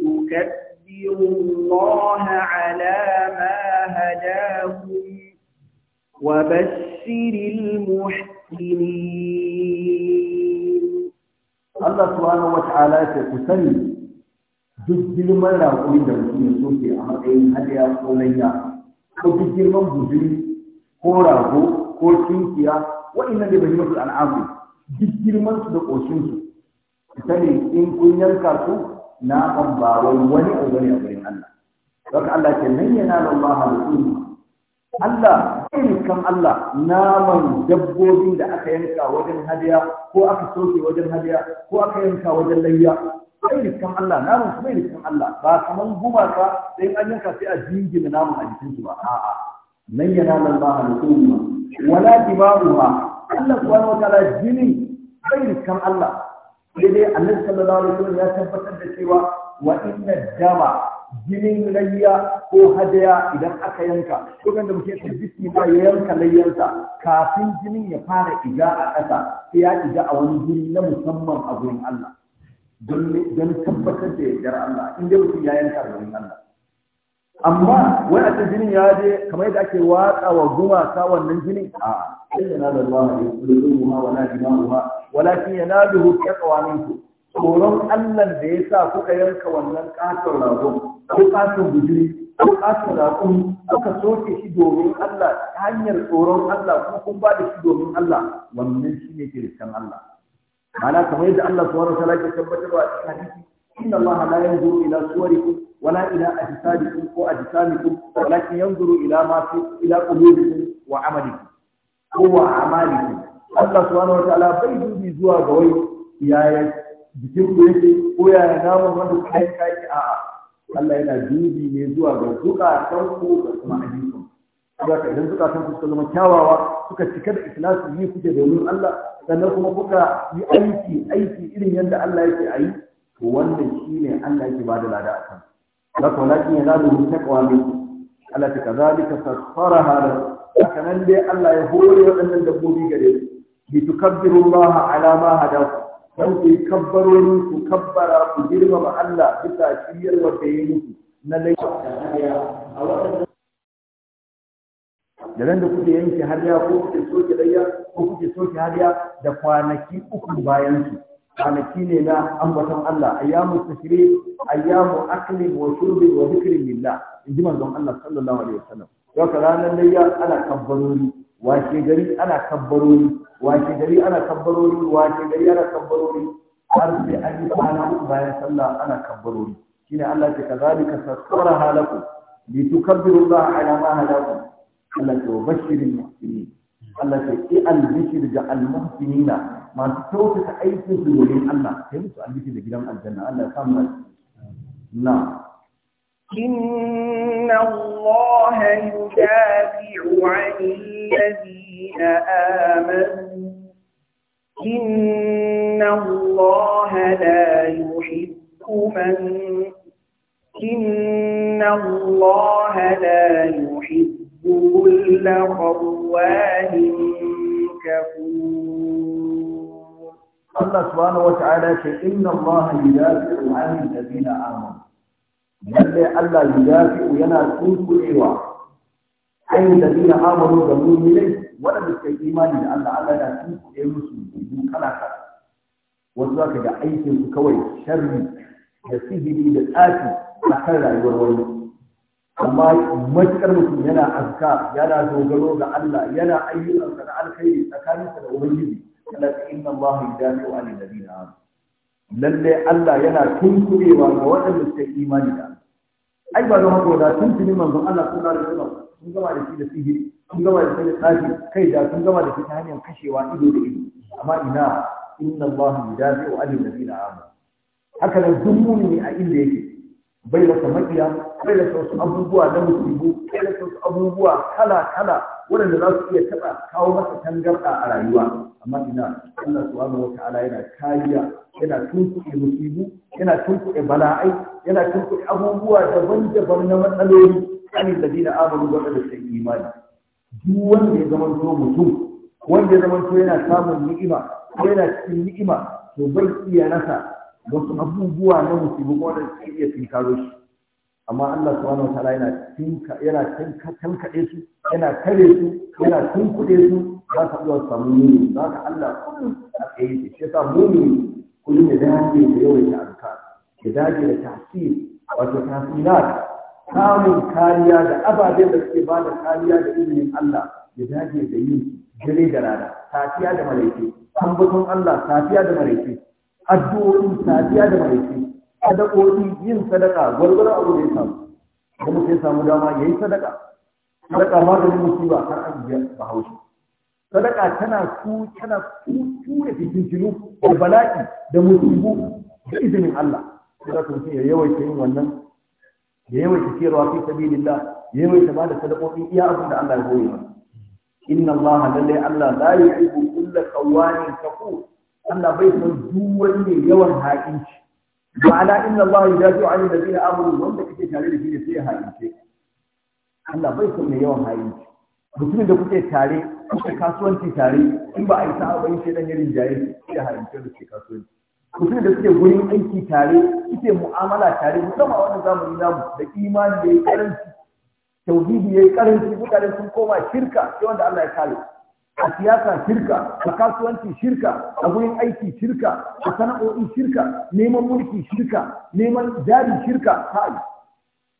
لتكبروا الله على ما هداكم وبشر المحسنين الله سبحانه وتعالى تسلم duk girman raƙumi da mutum ya soke a matsayin hadiya ko layya ko duk girman ko rago ko kinkiya waɗannan da bai masu al'amu duk girman su da ƙoshin su sani in kun yanka su na kan wani abu ne a wurin Allah don Allah ke nan yana da Allah halittu Allah kan Allah naman dabbobin da aka yanka wajen hadiya ko aka soke wajen hadiya ko aka yanka wajen layya kan Allah naman su kan Allah ba kaman gumaka sai an yanka sai a jingina naman a jikin ba a'a nan yana da Allah halittu wala dimaruha Allah subhanahu wataala jini bai kan Allah sai dai Annabi sallallahu alaihi wasallam ya tabbatar da cewa wa inna dama jinin layya ko hadaya idan aka yanka ko da muke ce ba ya yanka layyansa kafin jinin ya fara iga a ƙasa sai ya iga a wani jini na musamman a gurin Allah don tabbatar da yardar Allah inda mutum ya yanka da wurin Allah amma wani a jinin ya je kamar yadda ake watsa wa gumaka wannan jinin a sai na da ruwa Allah ya kullu ma wala dima'uha walakin ya taqwa minku tsoron allan da ya sa kuka yanka wannan katon rago ko katon bujiri ko katon rago kuka soke shi domin Allah ta hanyar tsoron Allah kuma kun ba da shi domin Allah wannan shine kiristan Allah ma'ana kamar yadda Allah subhanahu wa ta'ala ya tabbatar wa cikin hadisi inna Allah la yanzuru ila suwarikum Wala ولا إلى أجسادكم وأجسامكم ولكن ila إلى ما في إلى قلوبكم وعملكم هو أعمالكم Allah subhanahu wa ta'ala bai dubi zuwa ga wai yaya jikin ku yake ko yaya namun wanda kai yanka yake a'a Allah yana dubi ne zuwa ga zukatan ku da kuma ayyukan saboda idan zukatan ku suka zama kyawawa suka cika da ikhlasi ne kuke domin Allah sannan kuma kuka yi aiki aiki irin yadda Allah yake a yi to wannan shine Allah yake bada lada a kansa لك ولكن يناله تقوى منكم Allah ta kazalika sakharaha la haka nan dai Allah ya hore waɗannan dabbobi gare su bi tukabbiru Allah ala ma hadaku dan ku kabbaroni ku kabbara ku girmama Allah bisa shiyar wanda yayi muku na laifi da ran da kuke yanke hadiya ko kuke soke layya ko kuke soke hadiya da kwanaki uku bayan su kwanaki ne na ambaton Allah ayyamu tashri ayyamu akli wa shurbi wa dhikri lillah in ji manzon Allah sallallahu alaihi wasallam haka ranar layya ana kabbarori washe gari ana kabbarori washe gari ana kabbarori washe gari ana kabbarori har sai an yi kwana bayan sallah ana kabbarori shine Allah ke kazalika sakkara halaku litukabbiru Allah ala ma halaku. Allah ke bashirin muhsinin Allah ce ki albishir ga almuhsinina masu kyautata aikin su wurin Allah sai musu albishir da gidan aljanna Allah ya samu na إن الله يدافع عن الذين آمنوا إن الله لا يحب من إن الله لا يحب كل خوان كفور الله سبحانه وتعالى إن الله يدافع عن الذين آمنوا lalle Allah yudafi'u yana tunkurewa ayin da zina amuru da mu'minai waɗanda suka yi imani da Allah Allah yana tunkure musu dubu kala kala wasu zaka da aikin su kawai sharri da sihiri da tsafi a rayuwar wani amma matuƙar mutum yana azka yana dogaro ga Allah yana ayyukansa na alkhairi tsakaninsa da ubangiji kana ta inna Allah yadafi'u an alladhina amanu lalle Allah yana tunkurewa ga waɗanda suke imani da Allah ai ba don haka da tuntuni manzon Allah sallallahu alaihi wasallam sun gama da shi da sihiri sun gama da shi da tsafi kai da sun gama da shi ta hanyar kashewa ido da ido amma ina inna Allah yadafi'u an alladhina amanu haka nan duk mumini a inda yake bai rasa makiya da wasu abubuwa na musibu da wasu abubuwa kala kala waɗanda za su iya taɓa kawo masa tangarɗa a rayuwa amma ina Allah subhanahu wa ta'ala yana kariya yana tunkuɗe musibu yana tunkuɗe bala'ai yana tunkuɗe abubuwa daban-daban na matsaloli kan da dina amanu waɗanda suka imani duk wanda ya zama mutum wanda ya zama yana samun ni'ima ko yana cikin ni'ima to bai iya rasa wasu abubuwa na musibu wanda suke iya tunkaro shi amma Allah subhanahu wataala yana tinka yana tinka su yana kare su yana tunkuɗe su za ka zuwa samu muni za ka Allah kullum a tsaye shi shi yasa muni kullum ya dage da yawaita alka ya dage da tasir wato tasirat samun kariya da ababen da suke bada kariya da izinin Allah ya dage da yin dare da rana safiya da maraice ambaton Allah safiya da maraice addu'o'in safiya da maraice sadakoki yin sadaka gwargwaron abu da ya samu da mutum ya samu dama ya yi sadaka sadaka maganin musiba har an biya bahaushe sadaka tana su tana tura fitintinu da bala'i da musibu da izinin Allah sai ka mutum ya yawaita yin wannan ya yawaita ciyarwa fi lilla ya yawaita ba da sadakoki iya abin da Allah ya goye ba inna Allah lalle Allah la yuhibbu kulla kawani kafur Allah bai san duk ne yawan haƙinci ma'ana inna Allah ya dace an da zina amuru wanda kake tare da shi ne sai ya halince Allah bai son mai yawan halince mutumin da kuke tare kuke kasuwanci tare in ba a yi sa'a ba shi dan yarin jaye shi ya halince da kasuwanci mutumin da kuke gurin aiki tare kuke mu'amala tare musamman wannan zamani namu da imani da ya karanci tauhidi ya karanci mutane sun koma shirka sai wanda Allah ya kare a siyasa shirka a kasuwanci shirka a wurin aiki shirka a sana'o'i shirka neman mulki shirka neman jari shirka kai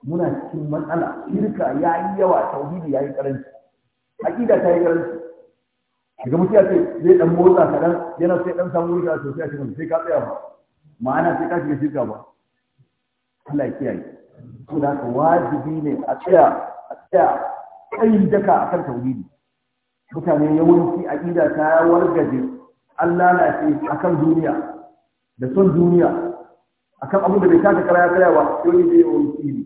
muna cikin matsala shirka ya yi yawa tauhidi ya yi karanci aƙida ta yi karanci daga mutu ya ce zai dan motsa dan yana sai dan samu wurin sosai a cikin sai ka tsaya ba ma'ana sai ka shiga shirka ba Allah ya kiyaye ko da ka wajibi ne a tsaya a tsaya kai daka akan tauhidi mutane yawanci a aƙida ta wargaje an lalace akan duniya da son duniya a kan abin da bai taka kara ya kaya ba yau ne yawanci ne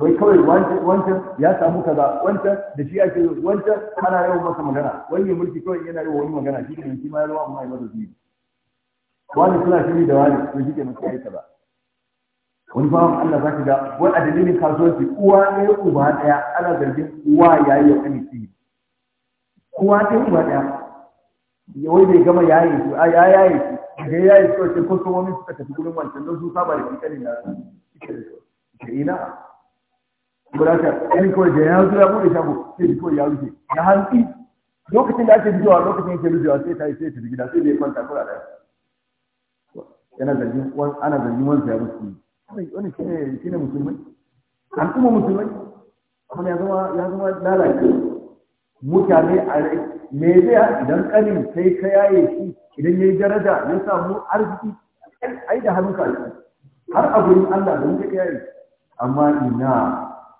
wai kawai wancan ya samu kaza wancan da shi ake wancan ana yawan masa magana wani ne mulki kawai yana yawan wani magana shi ne shi ma ya zama amma ya masa wani suna shiri da wani to shi ke masu ya yi kaza wani bawan Allah za ki ga wani a dalilin kasuwanci uwa ne uba ɗaya ana zargin uwa ya yi wa kani tsiri. kowa ɗin uwa ɗaya wai bai gama yayi su a ya yayi su ga yayi su sai wani suka tafi gurin wancan don su saba da kikanin da su da ina gudatar ɗin kawai da yanzu ya buɗe shago sai da kawai ya wuce na hantsi lokacin da ake bijowa lokacin yake rujewa sai ta yi sai ta gida sai da ya kwanta kura ɗaya yana zargin wani ana zargin wansa ya rufe wani shi ne musulmai al'umma musulmai kuma ya zama ya zama lalace mutane a rai me zai idan kanin sai ka yaye shi idan yayi daraja ya samu arziki ai da hannunka har a gurin Allah da muke yaye amma ina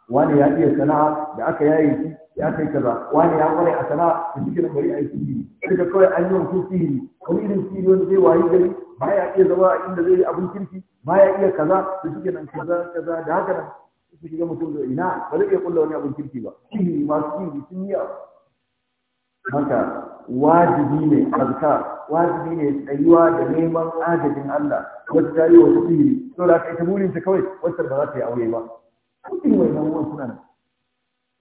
wani ya iya sana'a da aka yaye shi ya kai kaza wani ya kware a sana'a da cikin bari a yi sihiri da kawai an yi wa su ne, wani irin sihiri wanda zai wayi gari Ba ya iya zama inda zai yi abin kirki ya iya kaza da cikin nan kaza kaza da haka nan su shiga mutum da ina ba zai iya kulla wani abin kirki ba sihiri masu sihiri sun yi haka wajibi ne azka wajibi ne tsayuwa da neman agajin Allah wata ta yi wa sihiri to da ka ta burin ta kawai wata ba za ta yi aure ba kudin wai nan wani suna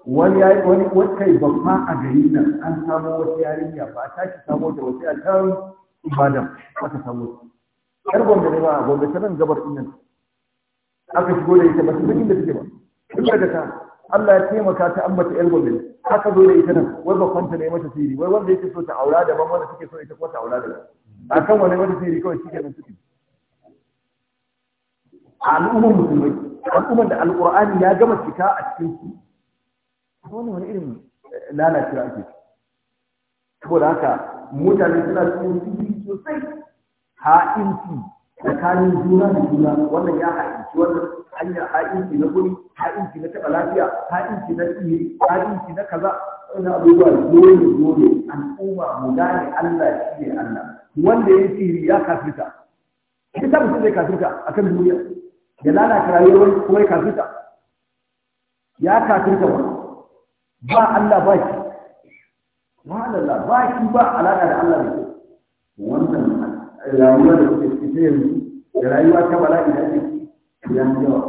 wani ya yi wani wata babba a gari nan an samo wata yarinya ba a tashi samo ta wata a can ibadan aka samo ta yar gwamnati ne ba gombe ta nan gabar ɗin nan aka shigo da ita ba su da suke ba tun daga ta Allah ya taimaka ta ambata yar gobe Haka zo da ita nan wai bakon ta ne mata siri wai wanda yake so ta aura da ban wanda suke so ita ko ta aura da a kan wani mata siri kawai shi kenan suke al'ummar musulmai al'ummar da alqur'ani ya gama cika a cikin su wani wani irin eh, lalacewa ake saboda haka mutane suna cikin sirri sosai ha'inci tsakanin juna da juna wannan ya haɗu ha'inci wannan hanya ha'inci na guri ha'inci na taɓa lafiya ha'inci na tsiye ha'inci na kaza Ina abubuwa dole dole al'umma mu gane Allah shi ne Allah wanda ya yi sihiri ya kafirta shi ta mutum zai kafirta a kan duniya ya lalata rayuwar kuma ya kafirta ya kafirta ba ba Allah ba shi ma'alala ba shi ba alaƙa da Allah ne. wannan rayuwa da kuke cikin yanzu da rayuwa ta bala'i da ake idan yawa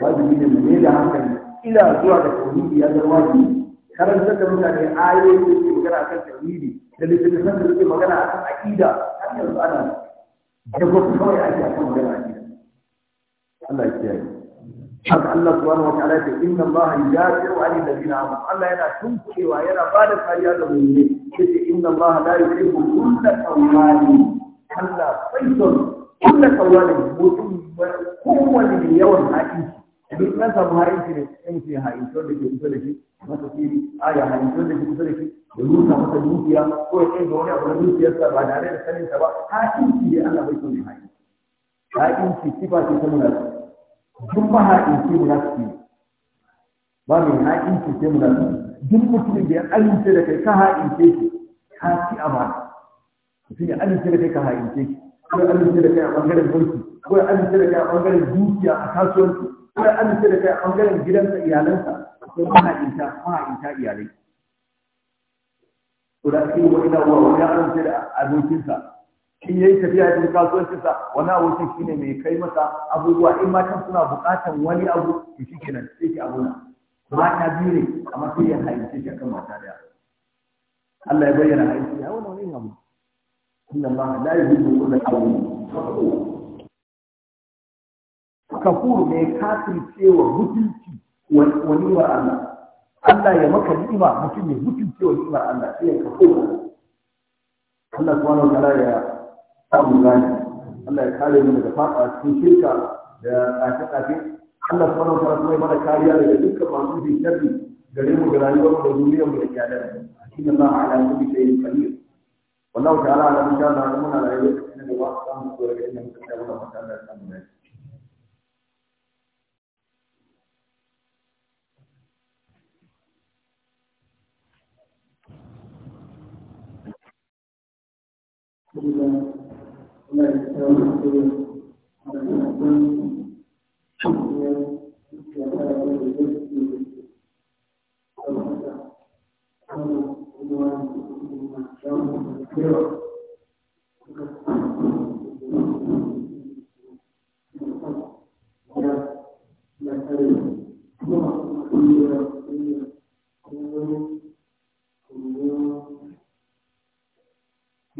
wajibi ne mu da hankali ila zuwa da tauhidi ya zama wajibi karantar da mutane ayoyi da suke magana kan tauhidi da littattafan da suke magana a kan aqida har yanzu ana da gwamnati kawai ake akan magana aqida Allah ya kiyaye haka Allah subhanahu wa ta'ala ce inna Allah yajiru 'ala alladhina amanu Allah yana tunkewa yana ba bada kariya ga mu'mini yace inna Allah la yuhibbu kulla tawwabin Allah faison kulla tawwabin mutum kowane yawan haɗin duk an samu ha'inci ne in ce ha'inci wanda ke kusa da shi masa fili a ya ha'inci wanda ke kusa da shi da rusa masa dukiya ko ya kai ga wani abu na dukiyarsa ba tare da sanin ta ba ha'inci ne Allah bai so ne ha'inci ha'inci sifa ce ta munafiki duk ba ha'inci munafiki ne ba mai ha'inci ce munafiki duk mutumin da ya amince da kai ka ha'ince shi ka ci ba, mutum ya amince da kai ka ha'ince shi ko amince da kai a bangaren mulki ko amince da kai a bangaren dukiya a kasuwanci ko ya amince da kai a bangaren gidansa iyalansa akwai maha'inta maha'inta iyalai to da shi wa ina wa wani amince da abokinsa in yayi tafiya ya kasuwancinsa wani abokin shine mai kai masa abubuwa in matan suna buƙatan wani abu to shikenan sai ki abuna mata biyu ne amma sai ya haice shi akan mata ɗaya. Allah ya bayyana haice ya wani wani abu inna Allah la yuhibbu kulla qawmin kafuru mai kafirce cewa mutunci wa ni'imar Allah Allah ya maka ni'ima mutum mai mutunce wa ni'imar Allah sai ya kafuru Allah subhanahu wa ta'ala ya samu gani Allah ya kare mu daga fata cikin shirka da tsafe-tsafe Allah subhanahu wa ta'ala kuma ya mana kariya daga dukkan masu bi sharri gare mu da rayuwar mu da duniyar mu da iyalan inna Allah ala kulli shay'in qadir wallahu ta'ala ala insha Allah muna rayuwa cikin da wasu samu da inda muka tsaya wannan masallar samu lafiya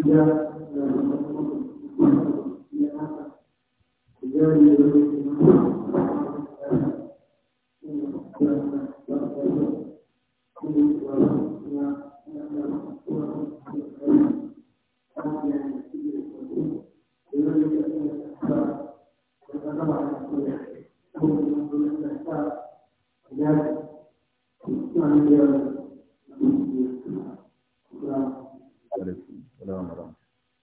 Yeah. السلام عليكم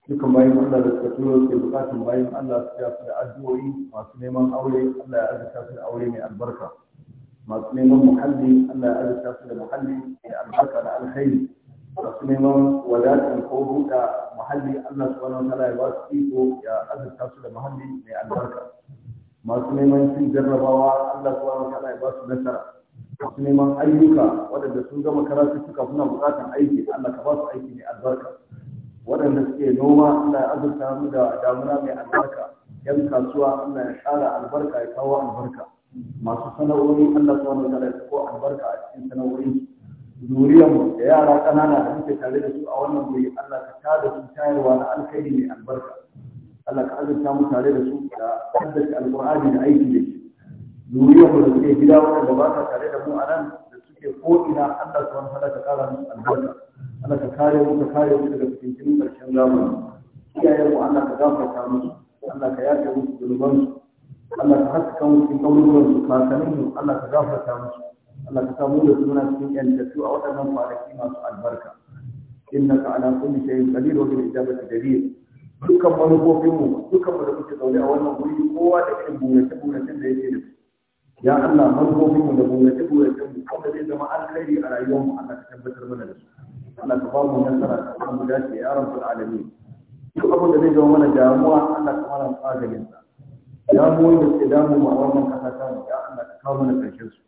dukan bayan Allah da suka turo ke bukatun bayan Allah su su da addu'o'i masu neman aure Allah ya azurta su da aure mai albarka masu neman muhalli Allah ya azurta su da muhalli mai albarka da alkhairi masu neman wadatar ko buɗa muhalli Allah Su wataala ya ba su iko ya azurta su da muhalli mai albarka masu neman cin jarrabawa Allah subhanahu wataala ya ba su nasara masu neman ayyuka waɗanda sun gama karatu suka suna bukatan aiki Allah ka ba su aiki mai albarka waɗanda suke noma Allah ya azurta mu da damuna mai albarka yan kasuwa Allah ya ƙara albarka ya kawo albarka masu sana'o'i Allah subhanahu wa ya kawo albarka a cikin sana'o'i zuriyar mu da yara ƙanana da muke tare da su a wannan guri Allah ka tada su tayarwa na alkhairi mai albarka Allah ka azurta mu tare da su da haddace alƙur'ani da aiki da shi zuriyar mu da suke gida waɗanda ba ta tare da mu a nan suke ko ina Allah subhanahu wani ta'ala ka kara musu albarka Allah ka kare mu ka kare mu daga cikin karshen zamani iyayen mu Allah ka gafarta musu Allah ka yafe musu zunuban su Allah ka haska musu cikin kaburburan su kakannin mu Allah ka gafarta musu Allah ka samu da suna cikin yantattu a waɗannan kwanaki masu albarka innaka ala kulli shay'in qadir wa bil ijabati jadir dukkan manufofinmu dukkan mu da muke zaune a wannan wuri kowa da irin burace-buracen da yake da su ya Allah manufofin mu da gonace gonace mu wanda zai zama alkhairi a rayuwar mu Allah ka tabbatar mana da su Allah ka ba mu nasara ka ba mu dace ya rabbul alamin duk abin da zai zama mana damuwa Allah ka mana maganin sa damuwoyi da suke damu mu a wannan kasa ta mu ya Allah ka kawo mana karshen su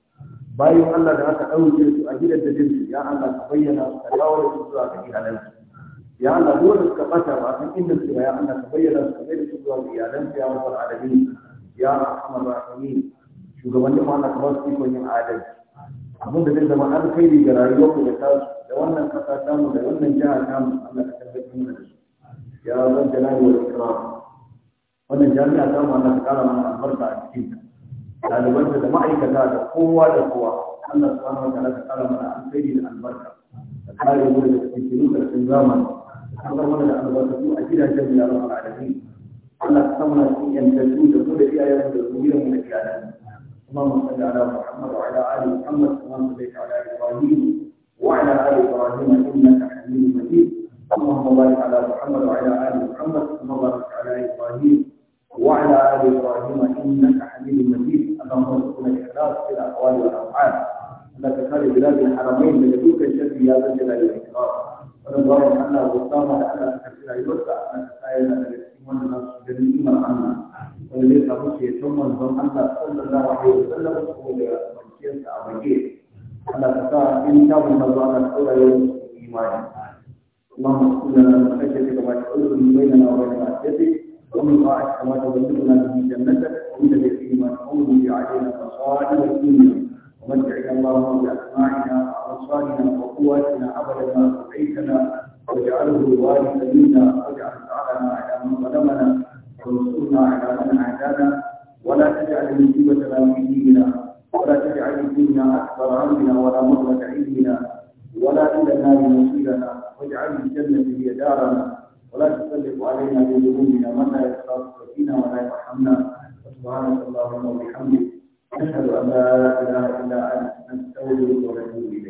bayan Allah da aka ɗauke su a gidan da jinsu ya Allah ka bayyana su ka dawo da su zuwa ga iyalansu ya Allah duk wanda suka bata ba san inda su ya Allah ka bayyana su ka da su zuwa ga iyalansu ya rabbul alamin ya arhamar rahimin shugabannin mu ana kamar su ikon yin adalci abin da zai zama alkhairi ga rayuwar mu da tasu da wannan kasa tamu da wannan jiha tamu Allah ka tabbatar mana da su ya zan jalali wa ikram wannan jami'a tamu Allah ka kara mana albarka a cikin ta ɗalibanta da ma'aikata da kowa da kowa Allah subhanahu wa ta'ala ka kara mana alkhairi da albarka da kare mu daga cikin karshen zamani Allah mana da albarkatu a gidajen mu ya rabbal alamin Allah ka samu na cikin yantattu da kuma iyayen da zuriyar mu da iyalan اللهم صل على محمد وعلى ال محمد كما صليت على ابراهيم وعلى ال ابراهيم انك حميد مجيد اللهم بارك على محمد وعلى ال محمد كما باركت على ابراهيم وعلى ال ابراهيم انك حميد مجيد اللهم ارزقنا الاخلاص في الاقوال والافعال انك تخلي بلاد الحرمين من لدنك الشر يا ذا الجلال والاكرام ونبارك على وسام على ان لا يوسع ان تسائلنا يلعن الاسلام والناس جميعا عنا wani ne samu ke tun manzon Allah sallallahu alaihi wa sallam ko da bakiyarsa a bage ana ta sa in ta mun manzo ana tsora yau imani kuma mutum da na kake da gaba ko da mai na wa da ya ce ko mun ba shi kuma da wani kuma da jannata ko da ke imani ko mun ya ajin ka sawani da kuma ومن دعي الله في أسمائنا وأوصالنا وقواتنا أبدا ما سقيتنا واجعله الوارث منا واجعل ثارنا على من ظلمنا وانصرنا على من عادانا ولا تجعل مصيبتنا في ديننا ولا تجعل الدنيا اكبر همنا ولا مره علمنا ولا الى النار مصيرنا واجعل الجنه هي دارنا ولا تسلط علينا بذنوبنا من لا يخافك فينا ولا يرحمنا سبحانك اللهم وبحمدك نشهد ان لا اله الا انت نستودعك ونتوب اليك